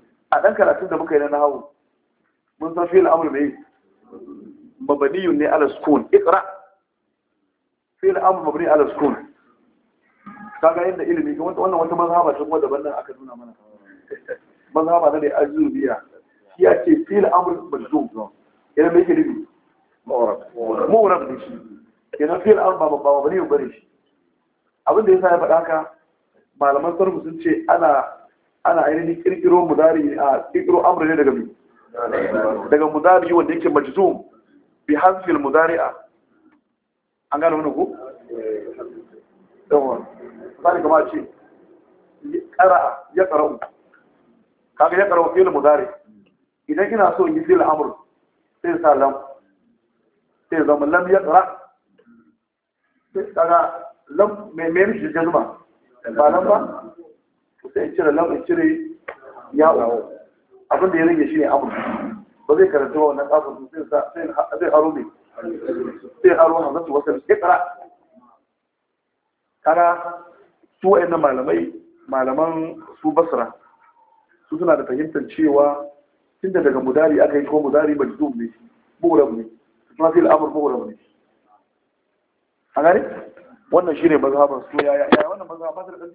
A: a ɗan karatun da muka yi na nahawu mun san fi'il amr mai mabaniyun ne ala sukun iqra fi'il amr mabni ala sukun kaga yadda ilimi ga wannan wata mazhaba ta kuma daban nan aka nuna mana mazhaba na da azuriya shi ya ce fi'il amr majzum yana mai ilimi mu'rab ne shi yana fi'il amr ba mabaniyun bane shi abin da yasa ya faɗa haka malaman sarfu sun ce ana ana ainihin kirkiro mudari a kirkiro amur ne daga daga mudari wanda yake majzum bi mudari a an gano wani ku ba ne kama ce qara ya qara'u kaga ya qara'u fi'il mudari idan ina so in yi fi'il sai sa lam sai zama lam ya sai kaga lam me mai shi jazma ba lam ba sai cire lamun cire yawo abin da ya rage shi ne abu ba zai karanta wa wannan kafin su sai haro ne sai haro wasa wasan ikra kaga su wayannan malamai malaman su basra su suna da fahimtar cewa tunda daga mudari aka yi ko mudari majdum ne murab ne kuma sai amr murab ne a gani wannan shine mazhaban su yaya yaya wannan mazhaban ba ta da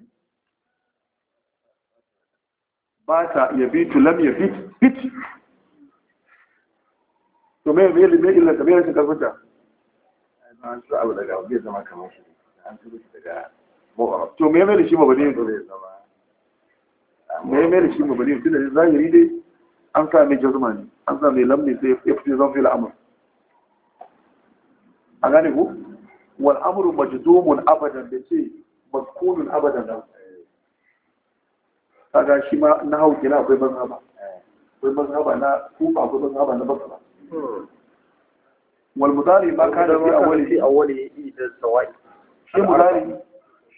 A: ba ta bitu lam ya yabit bit to me me me illa ka me rashin karfinta an su abu daga bai zama kamar shi
B: an su shi daga
A: mu'arab to me me da shi ba bane to bai zama me me da shi mabani tun da zahiri dai an sa mai jazuma ne an sa mai ne sai ya fice zan fi al'amur a gane ku wal amru majdumun abadan da ce maskunun abadan nan kaga shi ma na hau kila akwai mazhaba eh. akwai mazhaba na kuma akwai mazhaba na basra hmm. wal mudari shi kana fi awwali fi awwali idan zawai shi mudari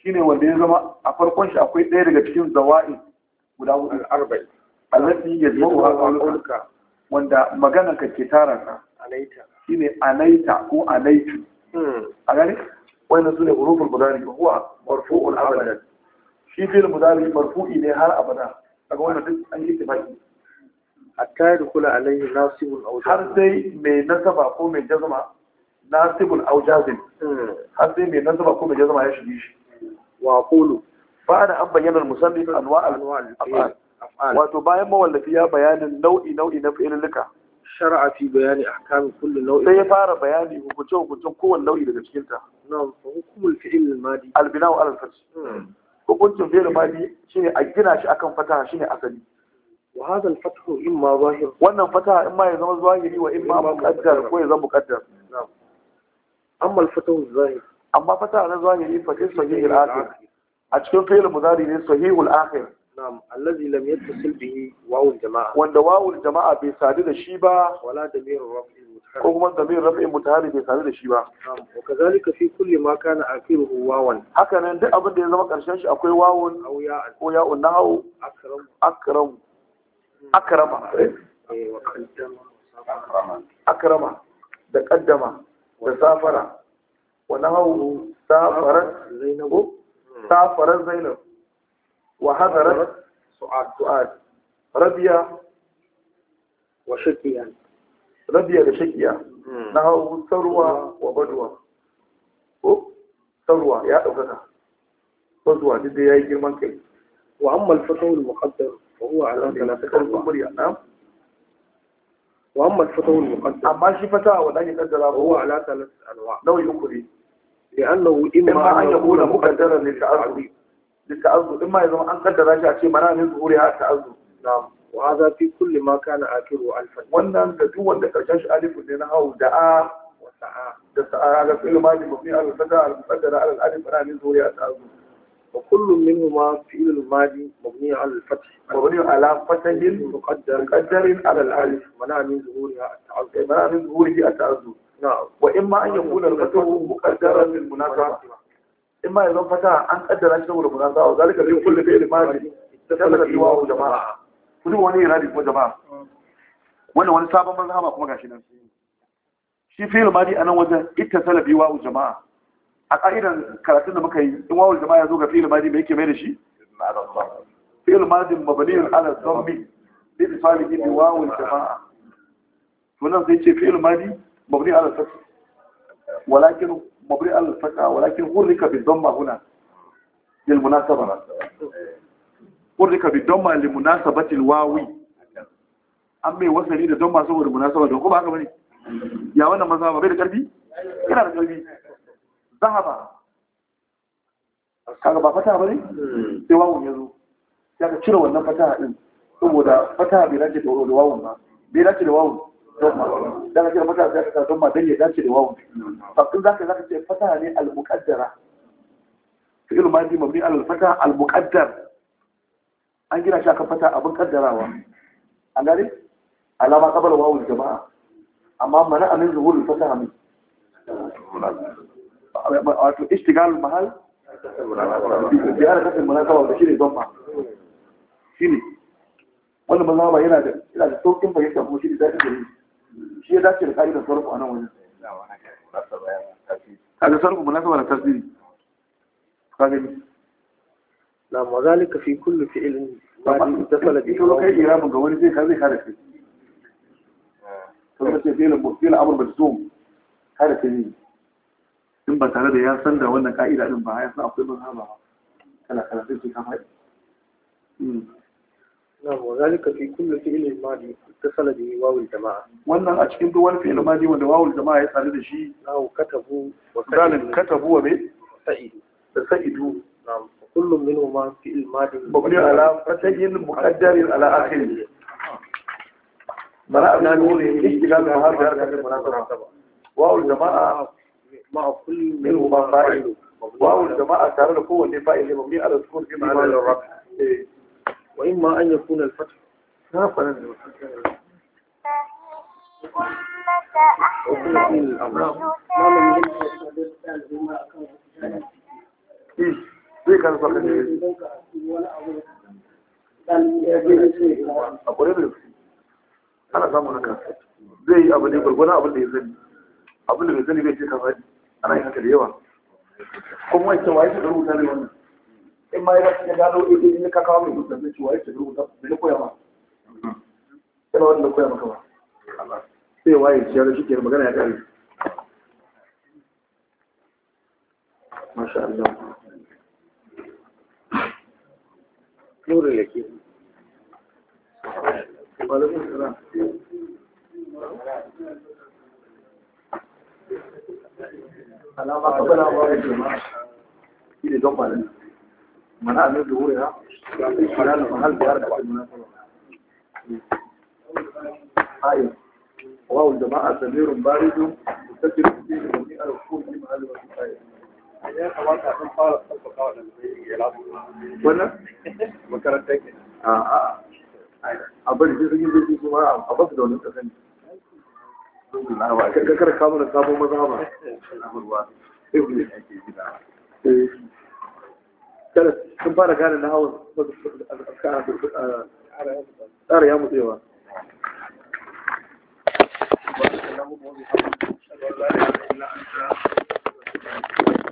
A: shine wanda ya zama a farkon shi akwai ɗaya daga cikin zawai guda hudu
B: arba'in zuwa a qawluka
A: wanda magana ka ke tara ka alaita shine alaita ko alaitu hmm. a gani wannan sune huruful mudari huwa marfu'un abadan shi fil mudari marfu'i ne har abada kaga wannan duk an yi tafaki hatta yadkhula alayhi nasibun aw har sai mai nasaba ko mai jazma nasibun aw hmm. har sai mai nasaba ko mai jazma ya shige shi wa qulu ba'da an bayyana al-musannif anwa' al-af'al wato bayan mawallafi ya bayanin nau'i nau'i na fi'ililika shar'a fi bayani ahkam kulli nau'i sai ya fara bayani hukunce hukuncin kowanne nau'i daga cikin ta na hukumul fi'il al-madi al-bina'u al-fath hukuncin fi'il madi shine a gina shi akan fataha shine asali wa hadha al-fathu imma zahir wannan fataha imma ya zama zahiri wa imma muqaddar ko ya zama muqaddar amma al-fathu zahir amma fataha na zahiri fa fi sahih al-akhir a cikin fi'il mudari ne sahih al-akhir na'am allazi lam yattasil bihi wawu al-jama'a wanda wawu al-jama'a bai sadu da shi ba wala damir rafi ko kuma zamir rafi mutahari bai sami da shi ba wa kazalika fi kulli ma kana akhiruhu wawan haka nan duk abin da ya zama karshen shi akwai wawan ko ya un nahu akram akrama akrama da qaddama da safara wa nahu safarat zainabu hmm. safarat zainab wa hadarat su'ad su'ad rabiya wa shakiyan rabiya da shakiya hmm. na hau sarwa wa baduwa ko sarwa ya ɗaukaka baduwa duk da ya girman kai wa amma alfatawul muqaddar fa huwa ala thalathati murya na wa amma alfatawul muqaddar amma shi fata wa dan kaddara fa huwa ala thalathati anwa nawi uku ne لأنه إما أن يكون مقدرا للتعذر للتعذر shi a ce, mana ne منام ظهورها التعذر نعم wa hadha fi kulli ma kana akiru alfan wannan da duk wanda shi alifun ne na hawu da'a wa sa'a da sa'a ga fi'il madi mabni ala fata al musaddara ala al alif ana min zuriya ta'azu wa kullu minhuma fi'il madi mabni ala al fath mabni ala fatahin muqaddar muqaddarin ala al alif mana min zuriya ta'azu eh, mana min zuriya ta'azu na'am wa imma an yakuna al fathu muqaddaran lil munasaba imma yanzu fata an kaddara jama'a kudu wani iradi ko jama'a wannan wani sabon mazhaba kuma gashi nan shi fi'il madi nan wajen ita bi wa'u jama'a a ka'idan karatun da muka yi in wa'u jama'a ya zo ga fi'il madi me yake da shi fi'il madi mabniun ala dhammi bi ifalihi bi wa'u jama'a to nan sai ce fi'il madi mabni ala fath walakin mabni ala fath walakin hurrika bi dhamma huna lil munasaba urrika bi damma li munasabati alwawi an mai wasali da damma saboda munasaba don ko ba haka bane ya wannan mazhaba bai da karfi yana da karfi zahaba kaga ba fata bane sai wawun yazo ya ka cire wannan fata din saboda fata bai dace da wawun ba bai dace da wawun da ka cire fata sai ka damma dan ya dace da wawun fakin zaka zaka ce fata ne al-muqaddara fi'il madi mabni al-fata al-muqaddar an gina shi akan fata abin kaddarawa an gane alama kabar wawul jama'a amma mana amin zuhurul fata amin wato istigal mahal
B: ziyara kasar munasaba da shine don ma
A: shine wannan mazhaba yana da yana da saukin fahimta kuma shi ne zai da shi ya dace da ka'idar sarfu a nan wajen kaga sarfu munasaba da tasiri kaga na mazalika fi kullu fi'ilin ba ni bi kuma kai ga wani zai kare eh. sai amr kare ne in ba tare da ya san da wannan ka'ida ba ya san akwai kala kala sai ka faɗi hmm. jama'a. wannan a cikin duk wani fi'il madi wanda wawul jama'a ya tsare shi katabu wa da sa'idu كل منهما في الماضي مبني على فتح مقدر على آخره
B: براء من نقول اشتغال مهار هذا
A: المناسبة واو الجماعة مع كل منهما فائدة واو الجماعة تعمل قوة فائدة مبني على سكون في معنى الرفع إيه. وإما أن يكون الفتح نافلا وكل الأمر نعم.
B: نعم. نعم.
A: إيه. zai kan sa kan ne a kwarai da su ana samun haka zai yi abu ne gwargwana abin da ya zani abin da bai sani bai ce ka faɗi ana yi haka da yawa kuma wancan waye shi da rubuta ne wannan in ma ya ga gano idan ne ka kawo mai rubuta zai ce waye shi da rubuta bai koya ma yana wani wanda koya maka ba sai waye shi ya shi magana ya kare masha Allah nuru lake alama ka bala ba da shi ne don malin mana a nufin wuri ha fara mahal biyar da wani nasa ayi wawon jama'a ya kamata sun fara sauƙaƙa wa ɗalibai ya lafi wannan makarantar ke a a bari su a basu da wani kasani kakar kamu da sabon maza ba eh. kada sun fara gane na hawan tsara ya mutsewa
B: Thank